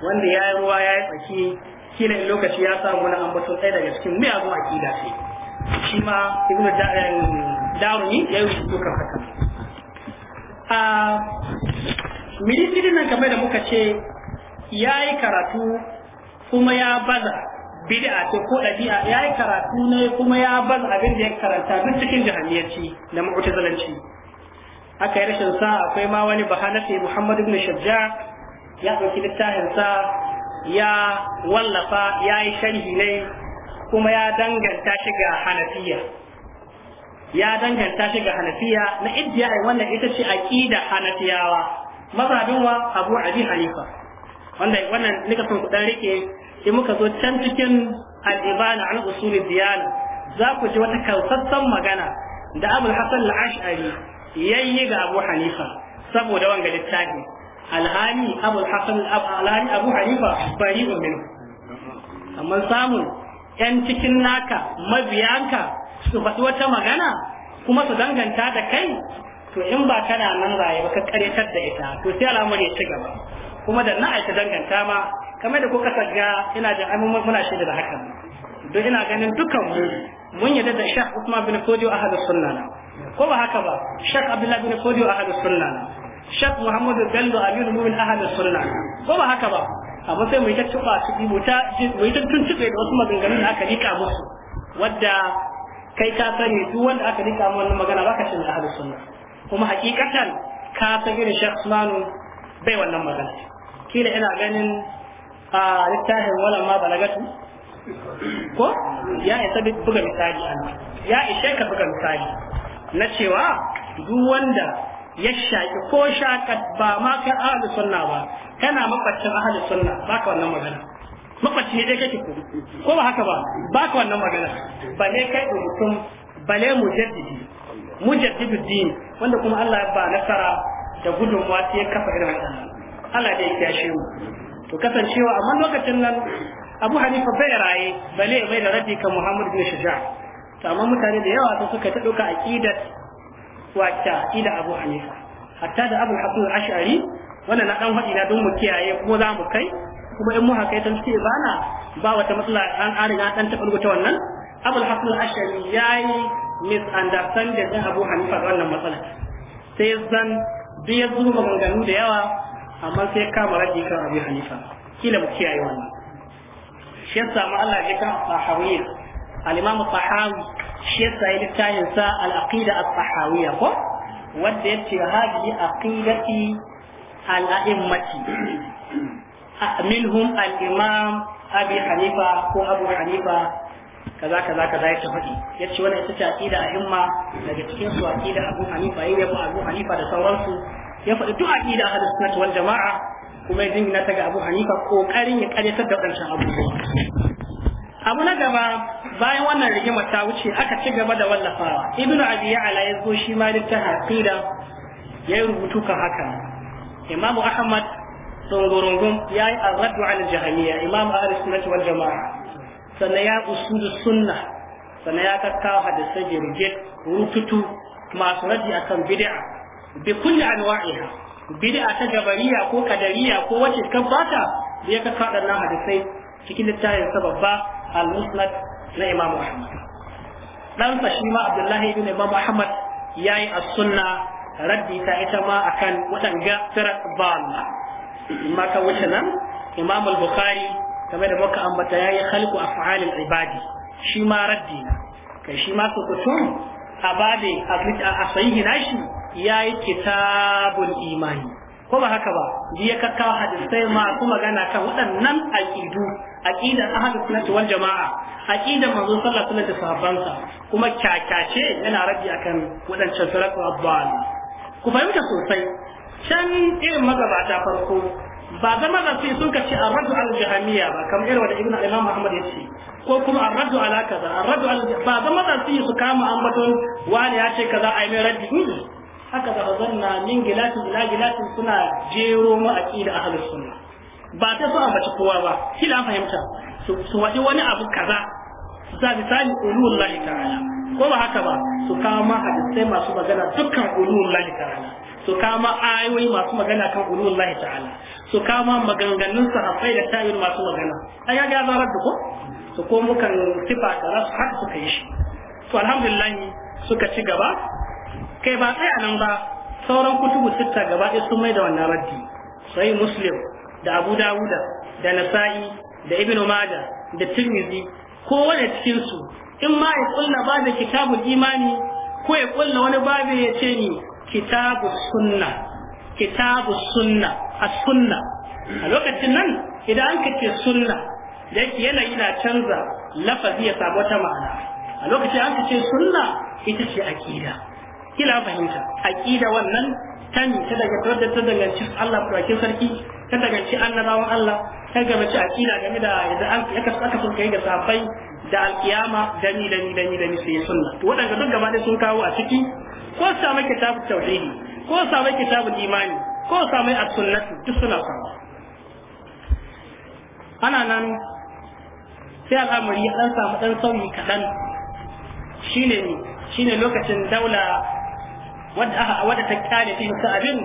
wanda ya yi ruwa ya yi tsaki kila in lokaci ya samu wani ambaton ɗaya daga cikin miyagun aƙida ce shi ma ibn eh, daruni ya yi dukkan haka a milisirin nan kamar da muka ce ya yi karatu kuma ya baza bid'a ce ko ɗabi'a ya yi karatu ne kuma ya bar abin da ya karanta duk cikin jahanniyarci da mu'tazilanci aka yi rashin sa akwai ma wani bahalafi Muhammad ibn Shajja ya ɗauki littafin sa ya wallafa ya yi sharhi ne kuma ya danganta shi ga Hanafiya ya danganta shi ga Hanafiya na iddiya wannan ita ce aqida Hanafiyawa mazhabin wa Abu Abi Hanifa wanda wannan nika son ku dan rike in muka zo can cikin al-ibana an usulul diyana za ku ji wata kausassan magana da Abu Hasan al-Ash'ari yayi ga Abu Hanifa saboda wanga littafi alhani Abu Hasan al-Alani Abu Hanifa bari'un minhu amma samun yan cikin naka mabiyanka su faɗi wata magana kuma su danganta da kai to in ba kana nan raye ba ka karyatar da ita to sai al'amari ya ci gaba kuma da na aika danganta ma kamar da kuka saga ina da amma muna shaida da hakan don ina ganin dukan mu mun yadda da Sheikh Usman bin Fodio ahadu sunna na ko ba haka ba Sheikh Abdullahi bin Fodio ahadu sunna na Sheikh Muhammadu Bello Aminu Mumin ahadu sunna na ko ba haka ba amma sai mu yi ta tuba su bi mu ta mu yi ta tuntube da wasu maganganu da aka rika musu wadda kai ka sani duk wanda aka rika mu wannan magana baka da ahadu sunna kuma hakikatan ka san irin Sheikh Usmanu bai wannan magana kila ina ganin a littafin wala ma balagatu ko ya isa buga misali an ya ishe ka buga misali na cewa duk wanda ya shaki ko shakat ba ma kan ahli sunna ba kana makwacin ahli sunna ka wannan magana makwacin ne dai kake ko ko ba haka ba ba ka wannan magana balle kai da mutum balle mujaddidi mujaddidud din wanda kuma Allah ya ba nasara da gudunmuwa sai ya kafa irin wannan Allah dai ya kiyashe mu to kasancewa amma lokacin nan abu hanifa bai raye bale mai da raddi kan muhammad bin shuja to amma mutane da yawa sun suka ta ɗauka aqidat wacce aqida abu hanifa hatta da abu hasan ash'ari wannan na dan haɗi na don mu kiyaye ko za mu kai kuma in mu haka ya tantance ba ba wata matsala an ƙara na dan taɓa rubuta wannan abul hasan ash'ari yayi misunderstanding din abu hanifa wannan matsalar sai zan biyar zuwa maganganu da yawa amma sai kama raji kan abu hanifa kila mu kiyaye wannan shi ya samu Allah ya kan sahawiya al-imam sahawi shi ya sai littafin sa al-aqida as sahawiya ko wanda yace hadi aqidati al-a'immati minhum al-imam abi hanifa ko abu hanifa kaza kaza kaza ya tafi ya wannan ita ce aqida himma daga cikin su aqida abu hanifa yayin abu hanifa da sauransu ya faɗi duk aqida ahlus sunnah wal jama'a kuma ya jingina ta ga Abu Hanifa kokarin ya karyatar da wadancan abubuwa abu na gaba bayan wannan rigimar ta wuce aka ci gaba da wallafawa ibnu abi ya'la ya zo shi ma littafin aqida ya rubutu kan haka imam ahmad tsongorungun ya yi arraddu ala jahamiya. imam ahlus sunnah wal jama'a sannan ya usul sunna sannan ya kakkawa hadisai jirgin rututu masu raji akan bid'a bi kulli anwa'iha bid'a ta gabariya ko kadariya ko wace kan bata ya ka kada nan hadisai cikin littafin sababba al-musnad na Imam Ahmad dan sa shi ma Abdullahi ibn Imam Ahmad yayi as-sunna raddi ta ita ma akan wadanga sirat balla amma wuce nan Imam al-Bukhari kamar da muka ambata yayi khalqu af'al al-ibadi shi ma raddi kai shi ma su kutum a babe a sahihi nashi ya yi kitabul imani ko ba haka ba ya kakkawa hadisai ma kuma gana kan waɗannan aƙidu aƙidar ahalus sunnati wal jama'a aƙidar manzo sallallahu alaihi wasallam sa kuma kyakyace yana rabi akan waɗancan firaqu abbal ku fahimta sosai can irin magabata farko ba zama da sai sun kace arradu al jahamiyya ba kamar irin wanda ibnu imam muhammad ya ce ko kuma arradu ala kaza arradu al ba zama da sai su kama ambaton wani ya ce kaza ai mai raddi haka da zanna min gilatin ila gilatin suna jero mu aqida ahlus sunna ba ta so ambaci kowa ba kila an fahimta su wadi wani abu kaza su sa misali ulullahi ta'ala ko ba haka ba su kama ma hadisai masu magana dukkan ulullahi ta'ala su kama ma ayoyi masu magana kan ulullahi ta'ala su kama ma maganganun sahabbai da tayin masu magana ai ga ya zarar da ko su ko mukan sifa kaza su haka suka yi shi to alhamdulillah suka ci gaba kai ba a nan ba sauran kutubu sitta gaba ɗaya sun mai da wannan raddi sai muslim da abu dawuda da nasa'i da ibnu maja da tirmidhi kowane cikin su in ma ya kulla ba da kitabul imani ko ya kulla wani babu ya ce ni kitabu sunna kitabu sunna a sunna a lokacin nan idan an kace sunna da yake yanayi na canza lafazi ya samu wata ma'ana a lokacin an kace sunna ita ce akida kila fahimta aqida wannan tani ta daga tawadda ta danganci Allah turakin sarki ta danganci annabawan Allah ta mace aqida game da yadda an aka aka sun kai ga safai da alkiyama da ni da ni da ni da ni sai sunna to wadanda duk gaba sun kawo a ciki ko samu kitabu tauhidi ko samu kitabu imani ko samu as sunnati duk suna kawo ana nan sai al'amari ya dan samu dan sauyi kadan shine shine lokacin daula wadda aka wadda ta kyale ta ta abin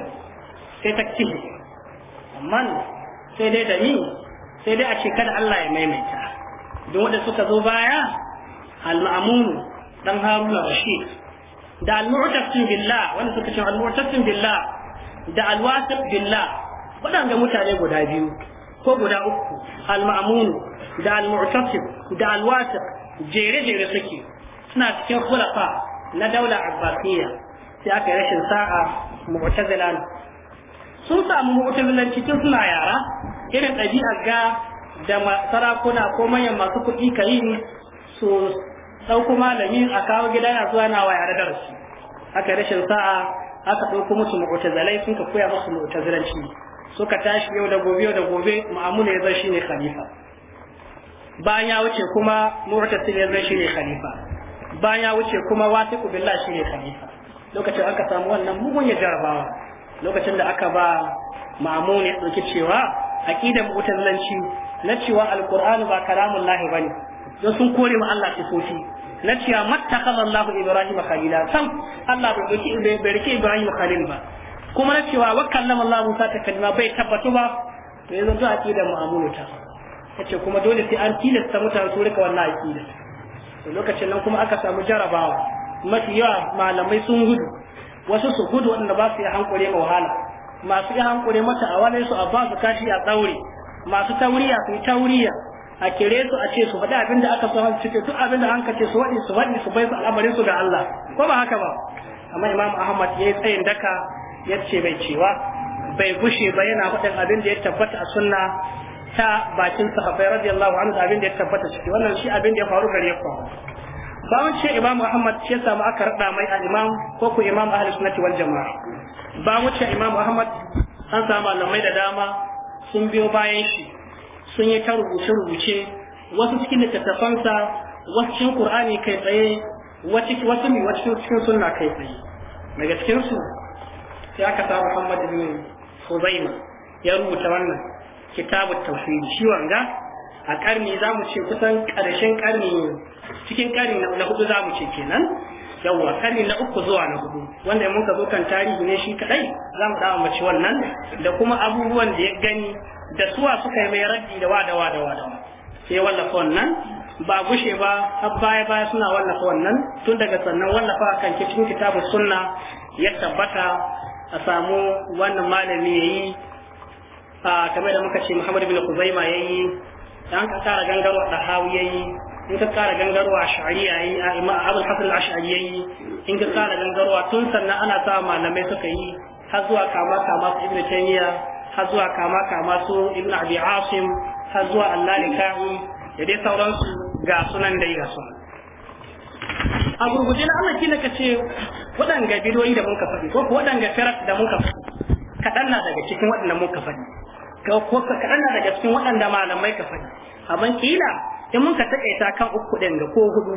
sai ta kihi amma sai dai da ni sai dai a ce kada Allah ya maimaita don wanda suka zo baya al-ma'mun dan Haruna Rashid da al-mu'tasim billah wanda suka ce al-mu'tasim billah da al-wasif billah wadanda mutane guda biyu ko guda uku al-ma'mun da al-mu'tasim da al-wasif jere jere suke suna cikin khulafa na daula abbasiyya sai aka yi rashin sa'a mu'tazila sun samu mu'tazilan tun suna yara irin ɗabi'a, ga da sarakuna ko manyan masu kuɗi ka yi su ɗauko malami a kawo gida na zuwa na da darasi aka yi rashin sa'a aka ɗauko musu mu'tazilai sun ka koya musu mu'tazilanci suka tashi yau da gobe yau da gobe mu'amuna ya zai shine khalifa bayan ya wuce kuma mu'tasil ya zai shine khalifa bayan ya wuce kuma wasiqu billahi shine khalifa lokacin aka samu wannan mugun ya jarabawa lokacin da aka ba ma'amun ya ɗauki cewa aƙidar mutazilanci na cewa alƙur'ani ba kalamun lahi bane don sun kore ma Allah sifofi na cewa mattakaza Allah Ibrahim khalila sam Allah bai rike Ibrahim khalil ba kuma na cewa wa kallama Allah Musa ta kalima bai tabbatu ba to yanzu ta aqidar mu'amulata tace kuma dole sai an tilasta mutane su rika wannan aqida to lokacin nan kuma aka samu jarabawa mafi yawa malamai sun gudu wasu su gudu waɗanda ba su yi hankure ma wahala masu yi hankure mata a wani su a ba su kashi a tsauri, masu tauriya su tauriya a kire su a ce su faɗi abin da aka so cike duk abin da an ka ce su waɗi su waɗi su bai su al'amarin su ga Allah ko ba haka ba amma Imam Ahmad ya yi tsayin daka ya ce bai cewa bai gushe ba yana faɗin abin da ya tabbata a sunna ta bakin sahabbai radiyallahu anhu abin da ya tabbata ciki wannan shi abin da ya faru gare ku bawan ce imam ahmad shi samu aka rada mai a imam ko ku imam ahli sunnati wal jamaa mu ce imam ahmad an samu malamai da dama sun biyo bayan shi sun yi ta rubuce rubuce wasu cikin littattafansa wasu cikin qur'ani kai tsaye wasu wasu wasu cikin sunna kai tsaye daga cikinsu su sai aka samu muhammad ya rubuta wannan kitabut tauhid shi wanga a karni za mu ce kusan ƙarshen karni cikin karni na hudu za mu ce kenan yawwa karni na uku zuwa na hudu wanda mun zo kan tarihi ne shi kadai za mu dawo mace wannan da kuma abubuwan da ya gani da suwa suka yi mai raddi da wada wada wada sai wallafa wannan ba gushe ba har baya baya suna wallafa wannan tun daga sannan wallafa kan cikin kitabu sunna ya tabbata a samu wannan malami yayi a kamar da muka ce Muhammad bin Kuzaima yayi dan ka kara gangarwa da hawiyayi in ka kara gangarwa a shari'a a imam abul hasan al ashariyyi in ka kara gangarwa tun sannan ana sa malamai suka yi har zuwa kama kama su ibnu taymiya har zuwa kama kama su ibnu abi asim har zuwa allalikahi da dai sauransu ga sunan dai ga sunan a gurguje na Allah kila ka ce waɗanga bidiyoyi da mun ka faɗi ko waɗanga sharaf da mun ka faɗi kaɗan na daga cikin waɗanda mun ka faɗi ka ana daga cikin waɗanda malamai ka faɗi amma kila in mun ka takaita kan uku ɗin ga ko hudu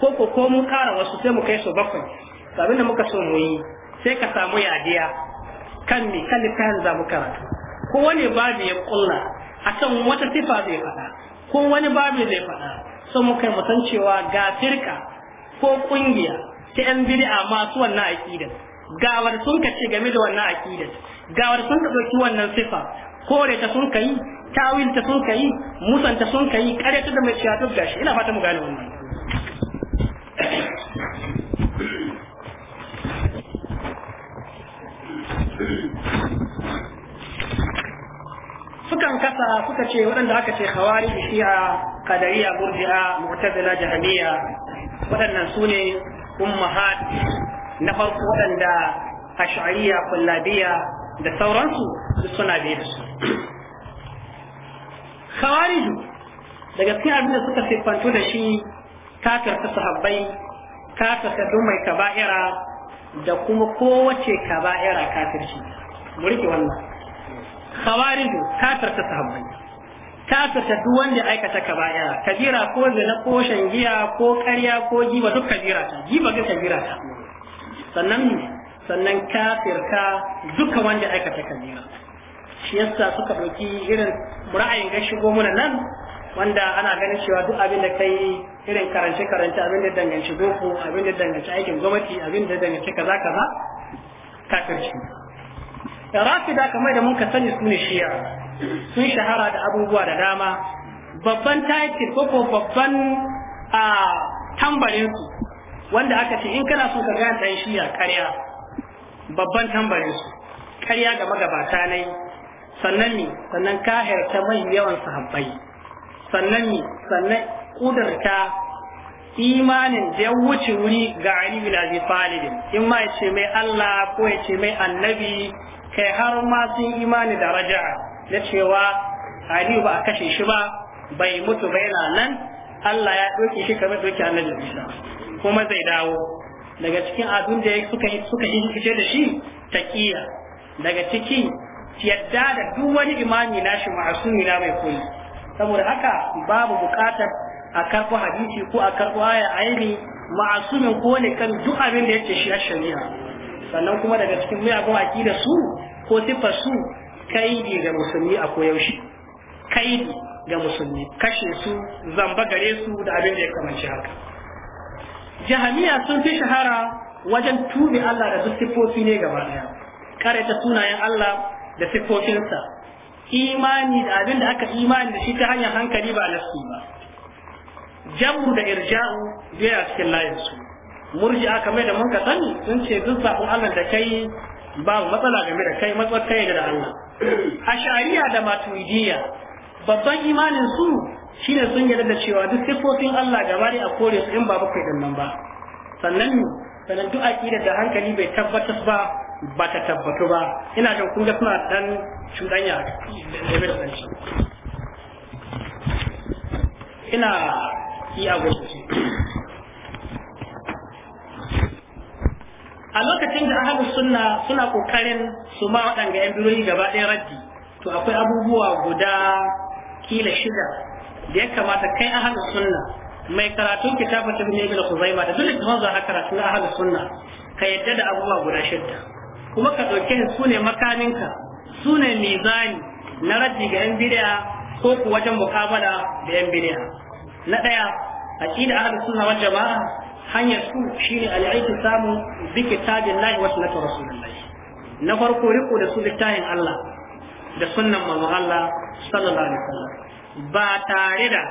ko ko ko mun ƙara wasu sai mu kai su bakwai abin da muka so mu yi sai ka samu yadiya kan mi kan littafin za mu karatu ko wani babu ya kulla akan wata sifa zai faɗa ko wani babu zai faɗa sai mu kai mu san cewa ga firka ko ƙungiya ta yan biri a masu wannan aƙidar gawar sun ka game da wannan aƙidar gawar sun ka ɗauki wannan sifa kore ta sun kai tawil ta sun kai musan ta sun kai kare ta da mai ciya gashi ina fata mu gane wannan sukan kasa suka ce waɗanda aka ce khawari shi'a qadariya murji'a mu'tazila jahmiya waɗannan su ne ummahat na farko waɗanda ash'ariya kullabiya da sauransu duk suna biye da su khawariju daga cikin abin da suka siffantu da shi kafir ta sahabbai kafir ta mai kaba'ira da kuma kowace kaba'ira shi mu rike wannan khawariju kafir ta sahabbai kafir ta duk wanda aikata kaba'ira kabira ko zina ko shangiya ko ƙarya ko jiba duk kabira ta jiba ga kabira ta sannan sannan kafirta duka wanda aikata kalima shi yasa suka ɗauki irin ra'ayin ga shigo muna nan wanda ana ganin cewa duk abin da kai irin karance karance abin da danganci boko abin da danganci aikin gwamnati abin da danganci kaza kaza kafirci rafida kamar da mun ka sani su ne shi'a sun shahara da abubuwa da dama babban title ko babban a ah, tambarin su wanda aka ce in kana so ka gane dan shiya ƙarya babban tambarin su ƙarya ga magabata yi. sannan ne sannan ta mai yawan sahabbai sannan ne sannan kudurta imanin da ya wuce wuri ga Ali bin Abi Talib in ma ya ce mai Allah ko ya ce mai annabi kai har ma sun imani da raja'a na cewa Ali ba a kashe shi ba bai mutu ba yana nan Allah ya ɗauke shi kamar ɗauke annabi kuma zai dawo daga cikin abin da suka suka yi da shi taqiya daga ciki yadda da duk wani imani nashi ma'asumi na mai kulli saboda haka babu bukatar a karɓo hadisi ko a karɓo aya aini ma'asumin ko ne kan duk abin da yake shi a shari'a sannan kuma daga cikin miyagun aqida su ko siffar su kaidi ga musulmi a koyaushe kaidi ga musulmi kashe su zamba gare su da abin da ya kamanci haka jahamiya sun fi shahara wajen tube Allah da duk siffofi ne gaba daya karanta sunayen Allah da siffofinsa imani da abin da aka imani da shi ta hanyar hankali ba nasu ba jamu da irja'u biya cikin layinsu murji'a kamar da mun ka sani sun ce duk sabon Allah da kai babu matsala game da kai matsar kai da Allah ashariya da maturidiyya babban imanin su ne sun yarda da cewa duk siffofin Allah gaba ne a kore su in ba bakwai din nan ba sannan ne sannan duk aqida da hankali bai tabbatar ba ba ta tabbatu ba ina jin kunga suna dan cuɗanya da ya da tsanci ina yi a gurgurce a lokacin da ahalus sunna suna kokarin su ma waɗanga yan biroyi gaba ɗaya raddi to akwai abubuwa guda kila shida da ya kamata kai ahlus sunna mai karatun kitabun ibn ibn khuzaimah da duk wanda za karatu na ahlus sunna ka yadda da abubuwa guda shidda kuma ka dauke su sune makaminka sune nizami, mizani na raddi ga yan bid'a ko ku wajen mukabala da yan bid'a na daya aqida ahlus sunna wal jamaa hanyar su shine al samu bi kitabillahi wa sunnati rasulillahi na farko riko da su littafin Allah da sunnan manzon Allah sallallahu alaihi wasallam ba tare da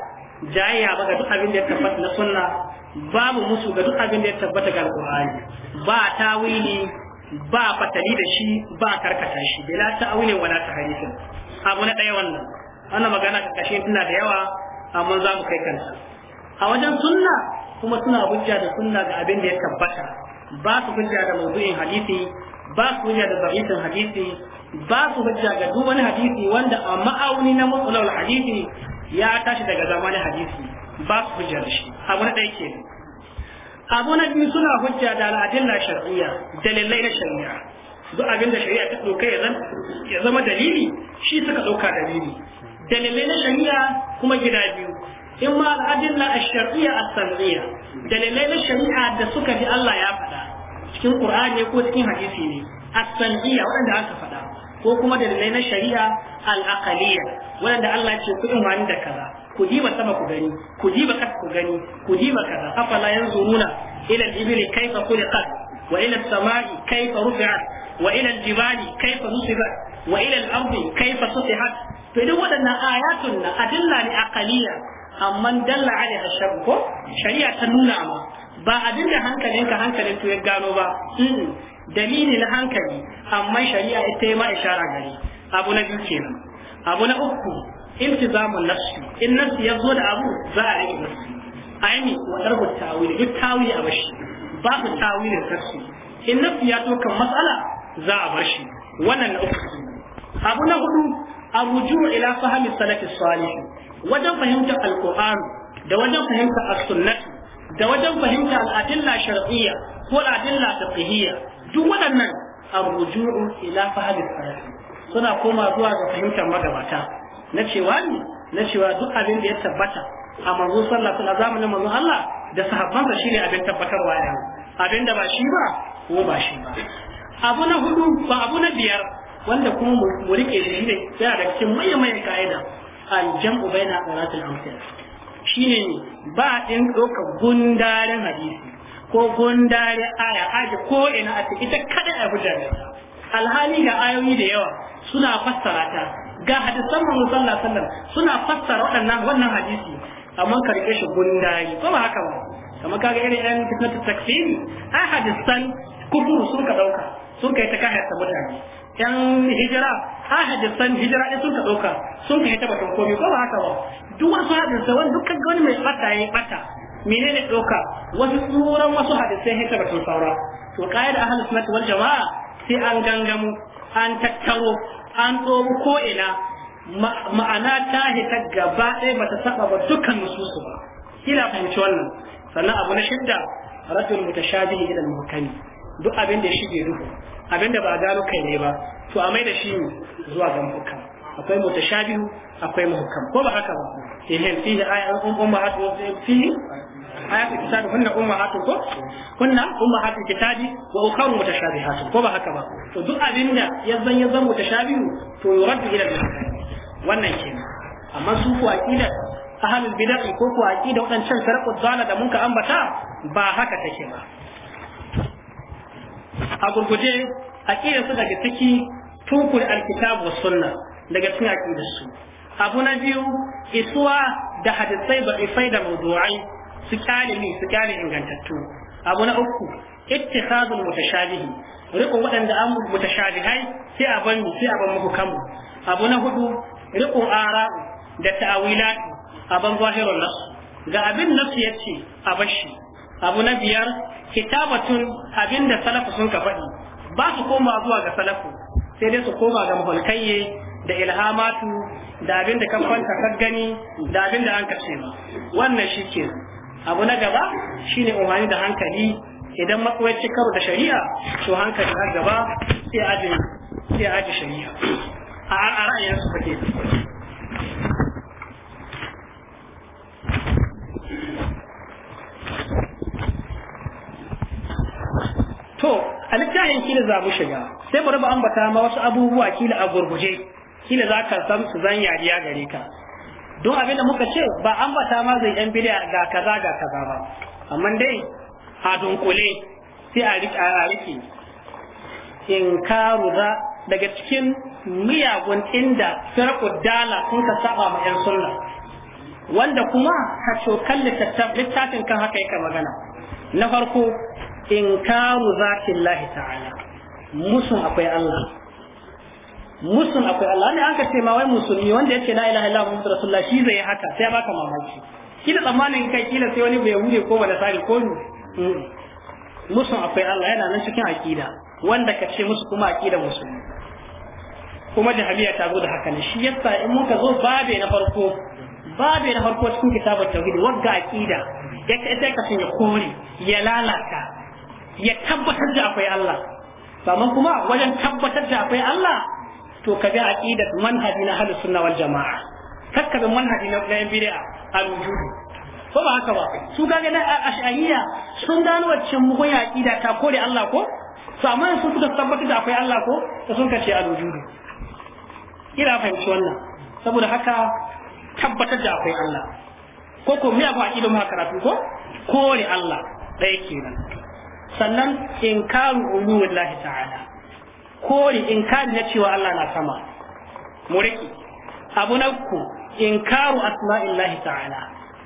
jayya ba ga duk abin da ya tabbata na sunna babu musu ga duk abin da ya tabbata ga alqur'ani ba tawili ba fatali da shi ba karkata shi bila tawili wala tahrifin abu na daya wannan wannan magana ka kashe tana da yawa amma za mu kai kansa. a wajen sunna kuma suna hujja da sunna ga abin da ya tabbata ba su hujja da mawdu'in hadisi ba su hujja da da'ifin hadisi ba su hujja ga duk wani hadisi wanda a ma'auni na mutsalawar hadisi ya tashi daga zamanin hadisi ba su hujja da shi abu na ɗaya kenan abu na biyu suna hujja da al'adilla shar'iyya dalilai na shari'a duk abin da shari'a ta ɗauka ya zama dalili shi suka ɗauka dalili dalilai na shari'a kuma gida biyu in ma al'adilla a shari'a a sanriya dalilai na shari'a da suka ji Allah ya faɗa cikin qur'ani ko cikin hadisi ne as-sanadiyya wanda aka faɗa ko kuma dalilai na shari'a al-aqaliyya wanda Allah ya ce ku in wani da kaza ku diba sama ku gani ku diba kas ku gani ku diba kaza afala yanzuruna ila al-ibli kayfa khuliqat wa ila as-sama'i kayfa rufi'at wa ila al-jibali kayfa nusibat wa ila al-ardi kayfa sutihat to duk waɗannan ayatun na adilla ne aqaliyya amma dalla alaiha shar'u ko shari'a ta nuna ma ba abin da ka hankalin to ya gano ba Dalili na hankali amma shari'a ita yi ma ishara gari abu na biyu kenan abu na uku iltizamun nafsi in nafsi ya zo da abu za a rage nafsi a yi ne wa ɗarbu tawili duk tawili a bashi babu tawilin nafsi in nafsi ya zo kan matsala za a bar wannan na uku abu na hudu a rujuwa ila fahimtar salafi salihin wajen fahimtar alkur'ani da wajen fahimtar as-sunnah da wajen fahimtar al-adilla shar'iyya ko al-adilla duk waɗannan ar-ruju'u ila fahmi salaf suna koma zuwa ga fahimtar magabata na cewa ne na cewa duk abin da ya tabbata a manzo sallah alaihi wasallam zamanin manzo Allah da sahabbansa shine abin tabbatarwa ne abin da ba shi ba ko ba shi ba abu na hudu ba abu na biyar wanda kuma mu rike shi ne yana da cikin mayan mayan ka'ida aljam'u baina qiratul amsal ne ba ɗin doka gundaren hadisi ko gundare aya aji ko ina a ita kada a hujja alhali ga ayoyi da yawa suna fassara ta ga hadisan manzo sallallahu alaihi wasallam suna fassara waɗannan wannan hadisi amma ka rike shi gundari ko ba haka ba kama kaga irin yan fitnatu takfiri ai hadisan kufuru sun ka ɗauka, sun kai ta kahar ta mutane yan hijira ha hadisan hijira ɗin sun ka ɗauka sun ka yi taɓa ɗauko ko ba haka ba duk wasu hadisai wani duk kaga wani mai ɓata ya yi ɓata menene ɗauka wasu tsoron wasu hadisai ya taɓa sun saura to ƙayar da ahalus sunnati wal jama'a sai an gangamu an tattaro an ɗoru ko ina ma'ana ta hita gaba ɗaya bata saba ba dukkan nususu ba kila fahimci wannan sannan abu na shidda rajul mutashabihi ila al-muhkami duk abin da shige duhu abinda ba a gano kai ne ba to a mai da shi zuwa ga muhkam akwai mu mutashabihu akwai mu muhkam ko ba haka ba ehem fihi ayatun um, ummahatu fihi ayatu kitabi hunna ummahatu ko hunna ummahatu kitabi wa ukharu mutashabihatu ko ba haka ba to duk abinda yazan yazan mutashabihu to yuraddu ila al-muhkam wannan kenan amma su ku aqidar ahalul bid'ah ko ku aqida wadancan sarqu dala da mun ka ambata ba haka take ba a gurguje aqidar su daga ciki tukuri alkitabu wa sunna daga cikin aqidar su abu na biyu isuwa da hadisai ba ifai da mawdu'ai su kyale ne su kyale ingantattu abu na uku ittikhadul mutashabihi riko waɗanda an mutashabihai sai a ban sai a ban muku kanmu. abu na hudu riko ara da ta'awilat a ban nas ga abin nas yace a bashi abu na biyar kitabatun abinda salafu sun ka faɗi ba su koma zuwa ga salafu sai dai su koma ga mahalkaiye da ilhamatu da abinda kan fanta ka gani da abinda an kace ma wannan shi ke abu na gaba shi ne umarni da hankali idan makwaici karo da shari'a to hankali har gaba sai aje sai shari'a a ra'ayin su fake to a littafin kila za mu shiga sai mu raba ambata ma wasu abubuwa kila a gurguje kila za ka san su zan yariya gare ka don abin da muka ce ba ambata ma zai yan bidiya ga kaza ga kaza ba amma dai a dunkule sai a rike in karu daga cikin miyagun inda firqud dala kun ka saba ma yan sunna wanda kuma ka cokan littafin kan haka yake magana na farko inkaru zakin lahi ta'ala musun akwai Allah musun akwai Allah ne aka ce ma wai musulmi wanda yake la ilaha illallah muhammadu rasulullah shi zai haka sai ya baka mamaki kila tsammanin kai kila sai wani bai hude ko wani sari ko ni. Mm. musun akwai Allah yana nan cikin aqida wanda ka ce musu kuma aqida musulmi kuma jahiliya ta zo da haka ne shi yasa in muka zo babe na farko babe na farko cikin kitabut tauhid wagga aqida yake sai ka sun ya kore ya lalata ya tabbatar da akwai Allah amma kuma wajen tabbatar da akwai Allah to ka bi aqidat manhaji na ahlus sunna wal jamaa kakka bi manhaji na ibn bid'a al-wujud ko ba haka ba su ga na ash'ariya sun gano wacce ya aqida ta kore Allah ko to amma sun suka tabbatar da akwai Allah ko to sun kace al-wujud ina fahimci wannan saboda haka tabbatar da akwai Allah ko ko me ba aqidu ma karatu ko kore Allah ɗaya kenan sannan inkaru uluwillahi ta'ala kori inkari na cewa Allah na sama muriki abu na uku inkaru asma'illahi ta'ala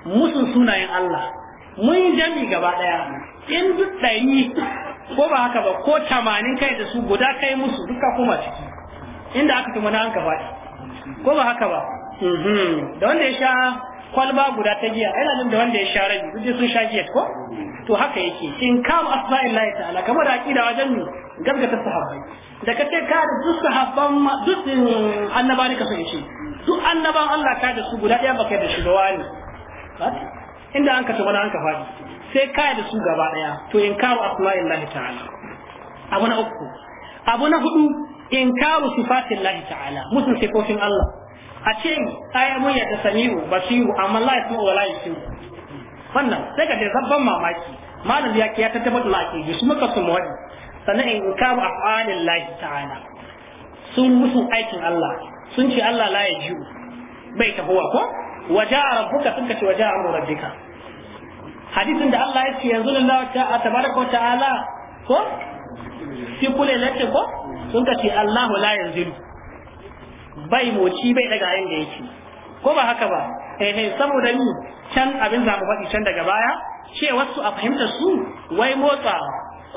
musun sunayen Allah mun jami gaba daya in duk ɗari ko ba haka ba ko tamanin kai da su guda kai musu duka kuma ciki inda aka tuma na an gaba ko ba haka ba mhm. da wanda ya sha kwalba guda ta giya yana nan da wanda ya sha rabi duk sun sha giya ko to haka yake in kam asma'illahi ta'ala kamar aqida wajen mu gabga ta sahabbai da kace ka da duk sahabban duk eh, annaba ne ka so yace duk annaban Allah ka da su guda ɗaya baka da shi ba wani inda an ka tabana an ka fadi sai ka da su gaba ɗaya to in kam asma'illahi ta'ala abu na uku abu na hudu in karu sifatillahi ta'ala musu musun kofin Allah a ce ai mun yadda sami'u basiru amma la yasma'u wala yusiru wannan sai ka da zabban mamaki malam ya ya tattabar da aqidi su muka su mawadi sannan in karu afalin lahi ta'ala sun musu aikin Allah sun ce Allah la ya jiu bai tahowa ko waja rabbuka sun ka ce waja amru rabbika hadisin da Allah ya ce yanzu a tabaraka wa ta'ala ko fi kule lati ko sun ka ce Allah la yanzilu bai moci bai daga da yake ko ba haka ba eh, eh saboda ni can abin za mu faɗi can daga baya ce wasu a fahimtar su wai motsa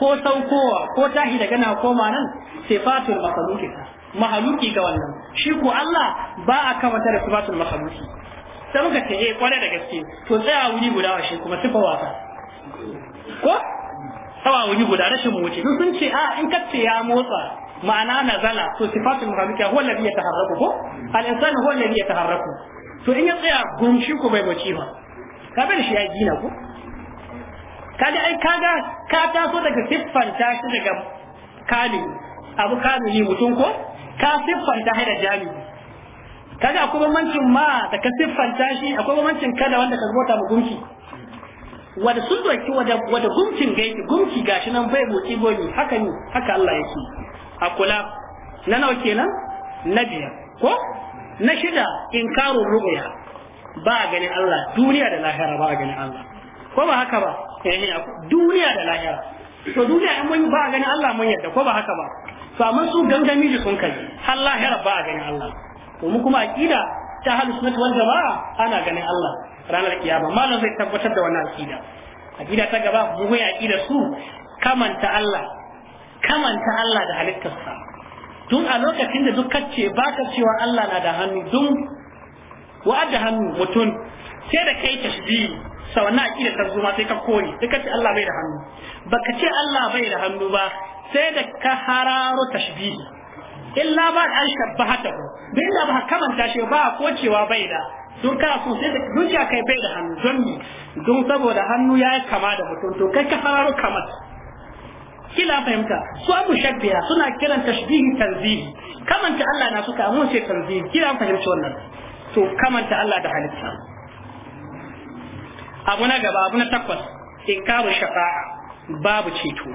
ko saukowa ko tahi daga na koma nan sai fatul mahaluki ga wannan shi ko Allah ba a kamata da fatul mahaluki sai muka ce eh kware da gaske to tsaya wuri guda wa shi kuma sifa wasa ko tsawa wuri guda rashin mu wuce sun ce a ah, in kace ya motsa ma'ana nazala to sifatul mukhaliqa huwa alladhi yataharraku ko al insanu huwa alladhi yataharraku to in ya tsaya gumshi ko bai bace ba ka bar shi ya gina ko kaga ai kaga ka taso daga siffanta shi daga kali abu kamili mutum ko ka siffanta haida jami kaga akwai bambancin ma da siffanta shi akwai bambancin kada wanda ka zubota mu gumki sun doki wada gumkin gaiki gumki gashi nan bai motsi goyi haka ne haka Allah yake a kula na nawa kenan na biyar ko na shida inkarun rubuya ba a ganin Allah duniya da lahira ba a ganin Allah ko ba haka ba eh, eh, duniya da lahira to duniya in mun ba a ganin Allah mun yadda ko ba haka ba to amma su gangami da sun kai har lahira ba a ganin Allah to mu kuma aqida ta hal sunnah wal jamaa ana ganin Allah ranar kiyama malam zai tabbatar da wannan aqida aqida ta gaba mu ga aqida su kamanta Allah kamanta Allah da halittarsa tun a lokacin da duk ba baka cewa Allah na da hannu dun wa'adda hannu mutum sai da kai tashbihi sau na akida ta zuma sai ka kore sai ka ce Allah bai da hannu baka ce Allah bai da hannu ba sai da ka hararo tashbihi illa ba an shabbahata bai da ba kamanta shi ba ko cewa bai da sun kana so sai da zuciya kai bai da hannu don don saboda hannu ya yi kama da mutum to kai ka hararo kamar kila fahimta su abu shabbiya suna kiran tashbihi tanzihi kamanta Allah na suka mun sai tanzihi kila fahimci wannan to kamanta Allah da halitta abu na gaba abu na takwas inkaru shafa'a babu ceto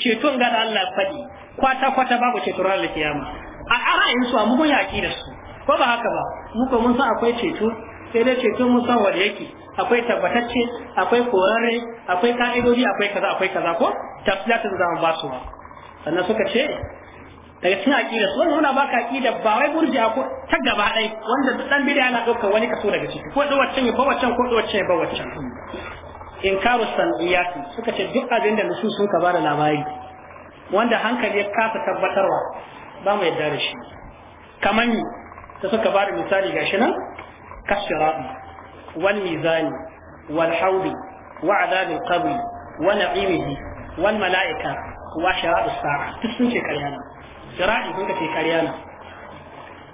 ceton ga Allah fadi kwata kwata babu ceto ran kiyama a ara'in su amma mun yaki da su ko ba haka ba mu ko mun san akwai ceto sai dai musan musawar yake akwai tabbatacce akwai korarre akwai ka'idodi akwai kaza akwai kaza ko tafiya za zama ba su ba sannan suka ce daga cikin aƙida su muna baka aƙida ba wai burji ko ta gaba ɗai wanda ɗan bid'a yana ɗaukar wani kaso daga ciki ko can ya bawacin ko ɗuwacin ya bawacin san saniyati suka ce duk abin da nusu suka ba da labari wanda hankali ya kasa tabbatarwa ba mu yadda da shi kamar da suka da misali gashi nan كالشراب والميزان والحوض وعذاب القبر ونعيمه والملائكة وشراء الساعة تسن في كريانا شراء سنك في كريانا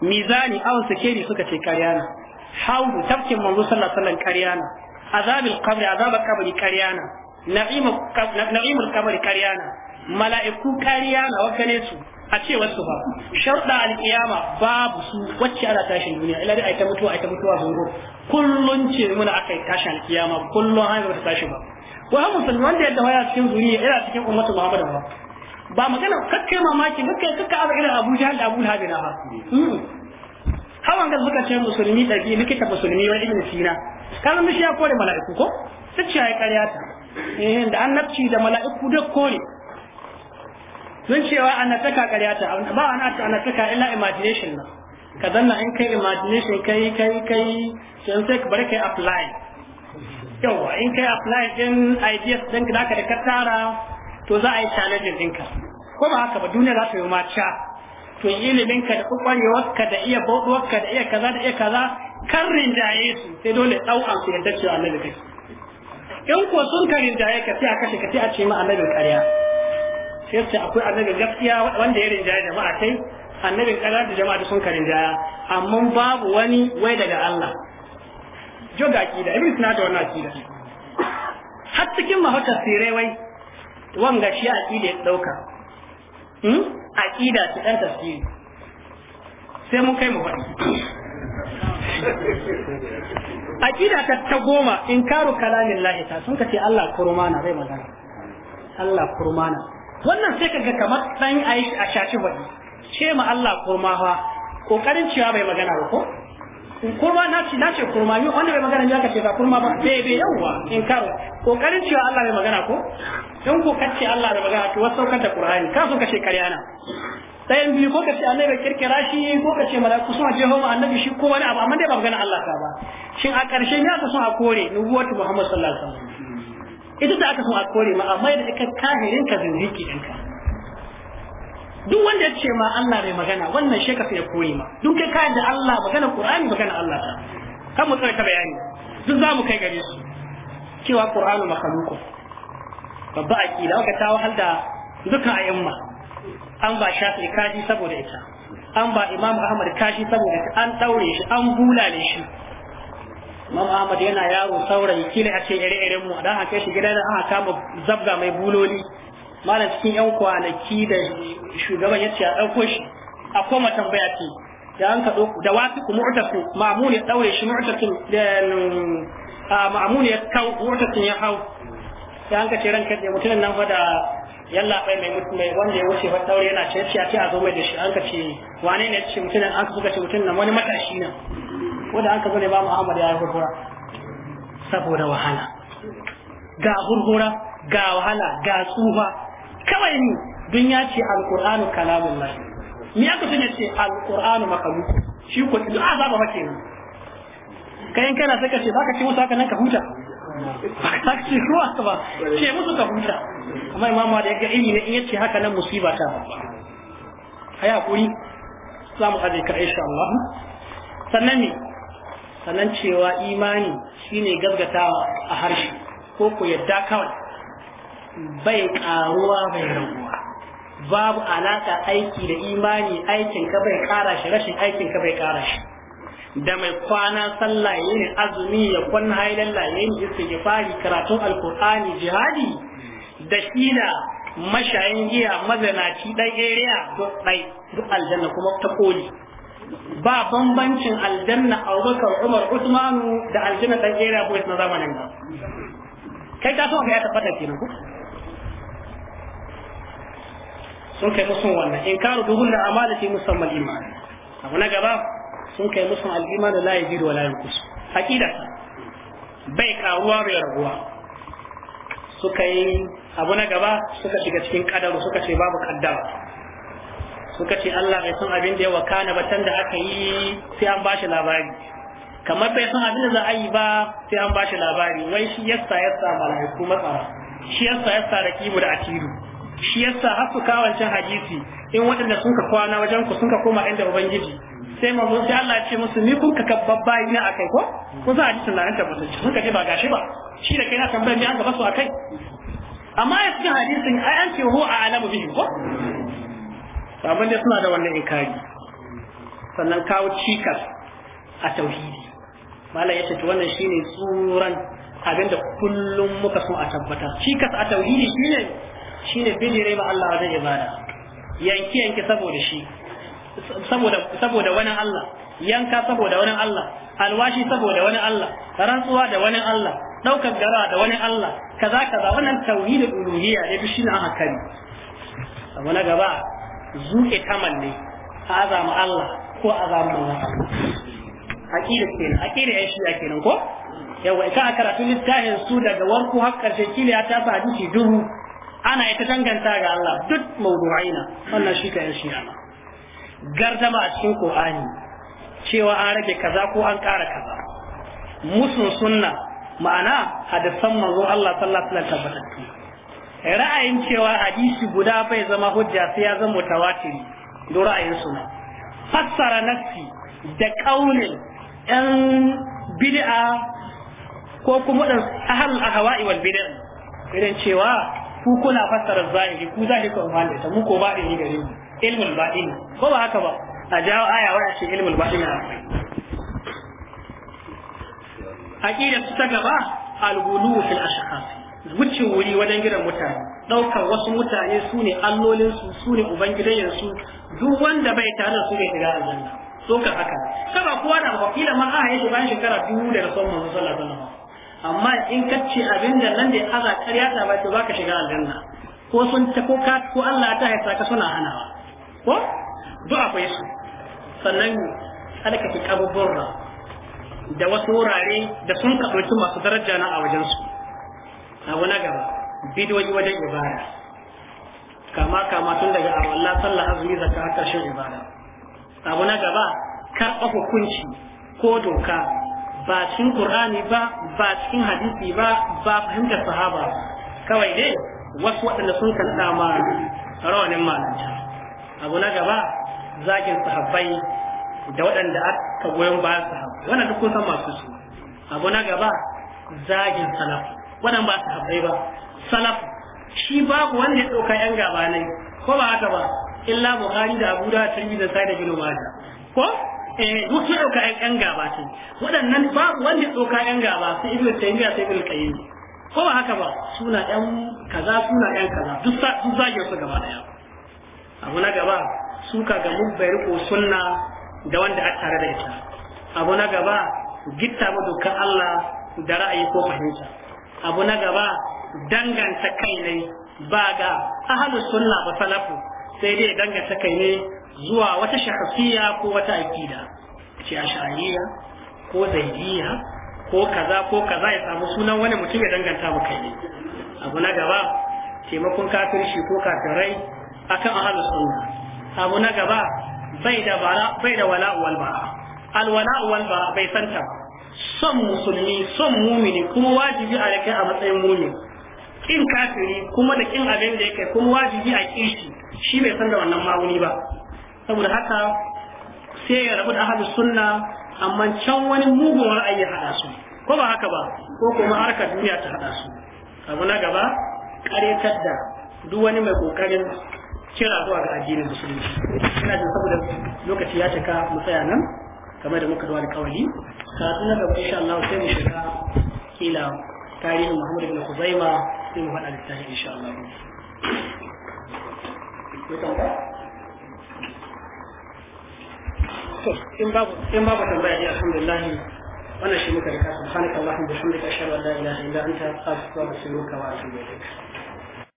ميزاني أو سكيري سنك في كريانا حوض تبكي منذ صلى الله عليه وسلم كريانا عذاب القبر عذاب القبر كريانا نعيم القبر كريانا mala'iku kariya na wakane su a cewar su ba sharda alƙiyama babu su wacce ana tashin duniya illa dai ai ta mutuwa ai ta mutuwa zungo kullun ce muna yi tashin alkiyama kullun ai ba ta tashi ba wa musulmi wanda yadda waya cikin duniya ina cikin ummatu muhammadu ba ba magana kakkai mamaki kakkai kakka abu irin abu jahal da abu na ba hmm. hawan ga suka ce musulmi da likita musulmi wani ibn sina kallon mishi ya kore mala'iku ko sai ya yi karyata, eh da annabci da mala'iku da kore tun cewa annabtaka ƙarya ta ba ana annabtaka illa imagination na ka zanna in kai imagination kai kai kai sun sai ka bar kai apply yawa in kai apply din ideas din da ka da ka tara to za a yi challenge ka. ko ba haka ba duniya za ta yi maca to ilimin ka da kwakwalewar ka da iya bauɗuwar ka da iya kaza da iya kaza kan rinjaye su sai dole ɗau'an su yadda cewa annabi kai in ko sun ka rinjaye ka sai a kashe ka sai a ce ma annabin ƙarya sai akwai annabi gaskiya wanda ya rinjaya jama'a kai annabin kaza da jama'a sun ka rinjaya amma babu wani wai daga Allah jo ga akida ibn sina da wannan akida har cikin mahaka sirai wai wanga shi akida ya dauka hmm akida ta dan tafsiri sai mun kai mu faɗi akida ta ta goma inkaru kalamin lahi ta sun ka ce Allah kurmana bai magana Allah kurmana wannan sai kaga kamar dan ayi a shaci wani ce ma Allah kurma fa kokarin cewa bai magana ba ko kurma na ce na ce kurma ni wanda bai magana ne aka ce ba kurma ba bai bai yawa in karo kokarin cewa Allah bai magana ko dan ko kace Allah bai magana to wasaukar da Qur'ani ka so kace kariya sai ɗayan biyu ko kace ce annabi kirkira shi ko kace ce malaku suna je ma annabi shi ko wani abu amma dai ba magana Allah ta ba shin a ƙarshe ne aka so a kore nubuwatu Muhammad sallallahu alaihi wasallam ita ta aka so a kore ma amma da ka kahirin ka zinziki ɗinka duk wanda ya ce ma Allah bai magana wannan shi ka ya kore ma duk kai kayan da Allah magana Qur'ani magana Allah ta kan mu tsaya bayani duk za mu kai gare su cewa Qur'anu makhluqu babba akila ka ta wahal da dukkan ayyuma an ba shafi kaji saboda ita an ba Imam Ahmad kashi saboda an daure shi an bulale shi Imam Ahmad yana yaro saurayi kila a ce ire-iren mu dan haka shi gidan aka kama zabga mai buloli malam cikin yan kwanaki da shugaban ya ce a shi a koma tambaya ce da an ka da wasu ku mu'tasu ma'mun ya daure shi mu'tasin ma'mun ya kau mu'tasin ya hau da an ka ce ranka da mutumin nan fa da yalla bai mai mutum mai wanda ya wuce ba taure yana ce ce a zo mai da shi an ka ce wane ne ce mutum an ka suka ce mutum nan wani matashi nan wanda an ka zo ne ba Muhammad ya yi hurhura saboda wahala ga hurhura ga wahala ga tsufa kawai ni dun ya ce alqur'anu kalamullah ni aka sun ce alqur'anu makalu shi ko duk azaba ba kenan kayan kana saka ce baka ci musu haka nan ka huta ce ruwa ka ba ce musu ka huta amma imamu da ya ilmi ne in yace haka nan musiba ta ayi hakuri za mu haɗe ka insha Allah sannan ne sannan cewa imani shine gaggatawa a harshe ko ku yadda kawai bai karuwa bai raguwa babu alaka aiki da imani aikin ka bai kara shi rashin aikin ka bai kara shi da mai kwana sallah yin azumi ya kwana hailalla yin istighfari karatun alqur'ani jihadi da shi da mashayin giya mazanaci dan area duk dai duk aljanna kuma ta koli ba bambancin aljanna Abubakar Umar Usmanu da aljanna dan area boys na zamanin ba. kai ka so ga ya tabbata kenan ko sun kai musun wannan in karu duhul da amala fi musammal iman abu na gaba sun kai musu al da la yazidu wala yankus yanqus aqida bai karuwa bai raguwa suka yi abu na gaba suka shiga cikin kadaru suka ce babu kaddara suka ce Allah bai san abin da ya na ba da aka yi sai an bashi labari kamar bai san abin da za a yi ba sai an bashi labari wai shi yassa yassa malaiku matsara shi yasta yasta da kibu da atiru shi yasta har su kawancin hadisi in waɗanda sun ka kwana wajen ku sun ka koma inda ubangiji sai mazo sai Allah ya ce musu ni kun kaka babba bayi na akai ko kun sa hadisin nan tabbatacce ka ce ba gashi ba shi da kai na tambayar ni an gaba su akai amma ya cikin hadisin ai an ce huwa a'lamu bihi ko sabon dai suna da wannan inkari sannan kawo cikas a tauhidi malam ya ce to wannan shine tsuran abinda kullum muka so a tabbata cikas a tauhidi shine shine bijire ba Allah wajen ibada yanki yanki saboda shi saboda wani Allah yanka saboda wani Allah alwashi saboda wani Allah rantsuwa da wani Allah daukar gara da wani Allah kaza kaza wannan tauhidul uluhiyya ne shi na hakari amma na gaba zuke kamal ne azama Allah ko azama Allah hakira kenan aqida ya shi kenan ko yawa ita a karatu littafin su daga warku har karshe kila ya tafi hadisi duhu ana ita danganta ga Allah duk mawdu'aina wannan shi ka shi shi'a gardama a cikin qur'ani cewa an rage kaza ko an ƙara kaza musun sunna ma'ana hadisan manzon Allah sallallahu alaihi wasallam tabbatattu ra'ayin cewa hadisi guda bai zama hujja sai ya zama mutawatiri don ra'ayin sunna fassara nafsi da ƙaunin yan bid'a ko kuma dan ahal ahwa'i wal bid'a idan cewa ku kuna fassara zahiri ku zahiri ku amfani da mu ko ba da ni gare mu ilmul baɗin ko ba haka ba a jawo aya wa a ce ilmul baɗin akwai aqida su ta gaba al-ghulu fil ashkhas wuce wuri wajen gidan mutane ɗaukar wasu mutane su ne allolinsu su ne ubangidayen duk wanda bai tare da su bai shiga aljanna so ka haka kaba kowa da wakila man aka yi bayan shekara dubu da rasul manzo sallallahu alaihi amma in ka ce abin da nan da aza karya ta ba ka baka shiga aljanna ko sun ta ko ka ko Allah ta haifa ka suna hanawa ko duk akwai su sannan tsarkake kaburburra da wasu wurare da sun ka masu daraja na a wajen su? abu na gaba bidiyoyi wajen ibada kama kama tun daga abu Allah sallah azumi zakka har karshen ibada abu na gaba karɓa hukunci ko doka ba cikin Qur'ani ba ba cikin hadisi ba ba fahimtar sahaba kawai dai wasu waɗanda sun kan ma rawanin malanta abu na gaba zagin sahabbai da waɗanda aka goyon bayan sahabbai wannan duk kun san masu su abu na gaba zakin salaf wannan ba sahabbai ba salaf shi babu wanda ya ɗauka yan gaba ne ko ba haka ba illa bukhari da abu da tarihi da sai da bin umaja ko eh duk sun ɗauka yan gaba ce waɗannan babu wanda ya ɗauka yan gaba sai ibnu taymiya sai ibnu qayyim ko ba haka ba suna yan kaza suna yan kaza duk duk zagin su gaba daya abu na gaba suka ga mubayar riko sunna da wanda a tare da ita abu na gaba gitta mu duka Allah da ra'ayi ko fahimta abu na gaba danganta kai ne ba ga ahlus sunna ba salafu sai dai danganta kai ne zuwa wata shakhsiyya ko wata akida ce ashariya ko zaidiya ko kaza ko kaza ya samu sunan wani mutum ya danganta mu kai ne abu na gaba taimakon kafirci ko kafirai akan ahlus sunna abu na gaba bai da bara bai wala wal bara al wala wal bara bai santa son musulmi son mumini kuma wajibi a kai a matsayin mumini kin kafiri kuma da kin abin da yake kuma wajibi a kishi shi bai san da wannan mawuni ba saboda haka sai ya rabu da ahlus sunna amma can wani mugun ra'ayi hada su ko ba haka ba ko kuma harka duniya ta hada su abu na gaba ƙaryatar da duk wani mai ƙoƙarin kira zuwa ga addinin musulunci ina jin saboda lokaci ya cika mu tsaya nan kamar da muka zuwa da kawali kafin na gaba insha Allah sai mu shiga kila tarihin Muhammad ibn Khuzaima sai mu faɗa littafin insha Allah in babu in babu tambaya ne alhamdulillah wannan shi muka rika subhanaka allahumma wa bihamdika ashhadu an la ilaha illa anta astaghfiruka wa atubu ilaik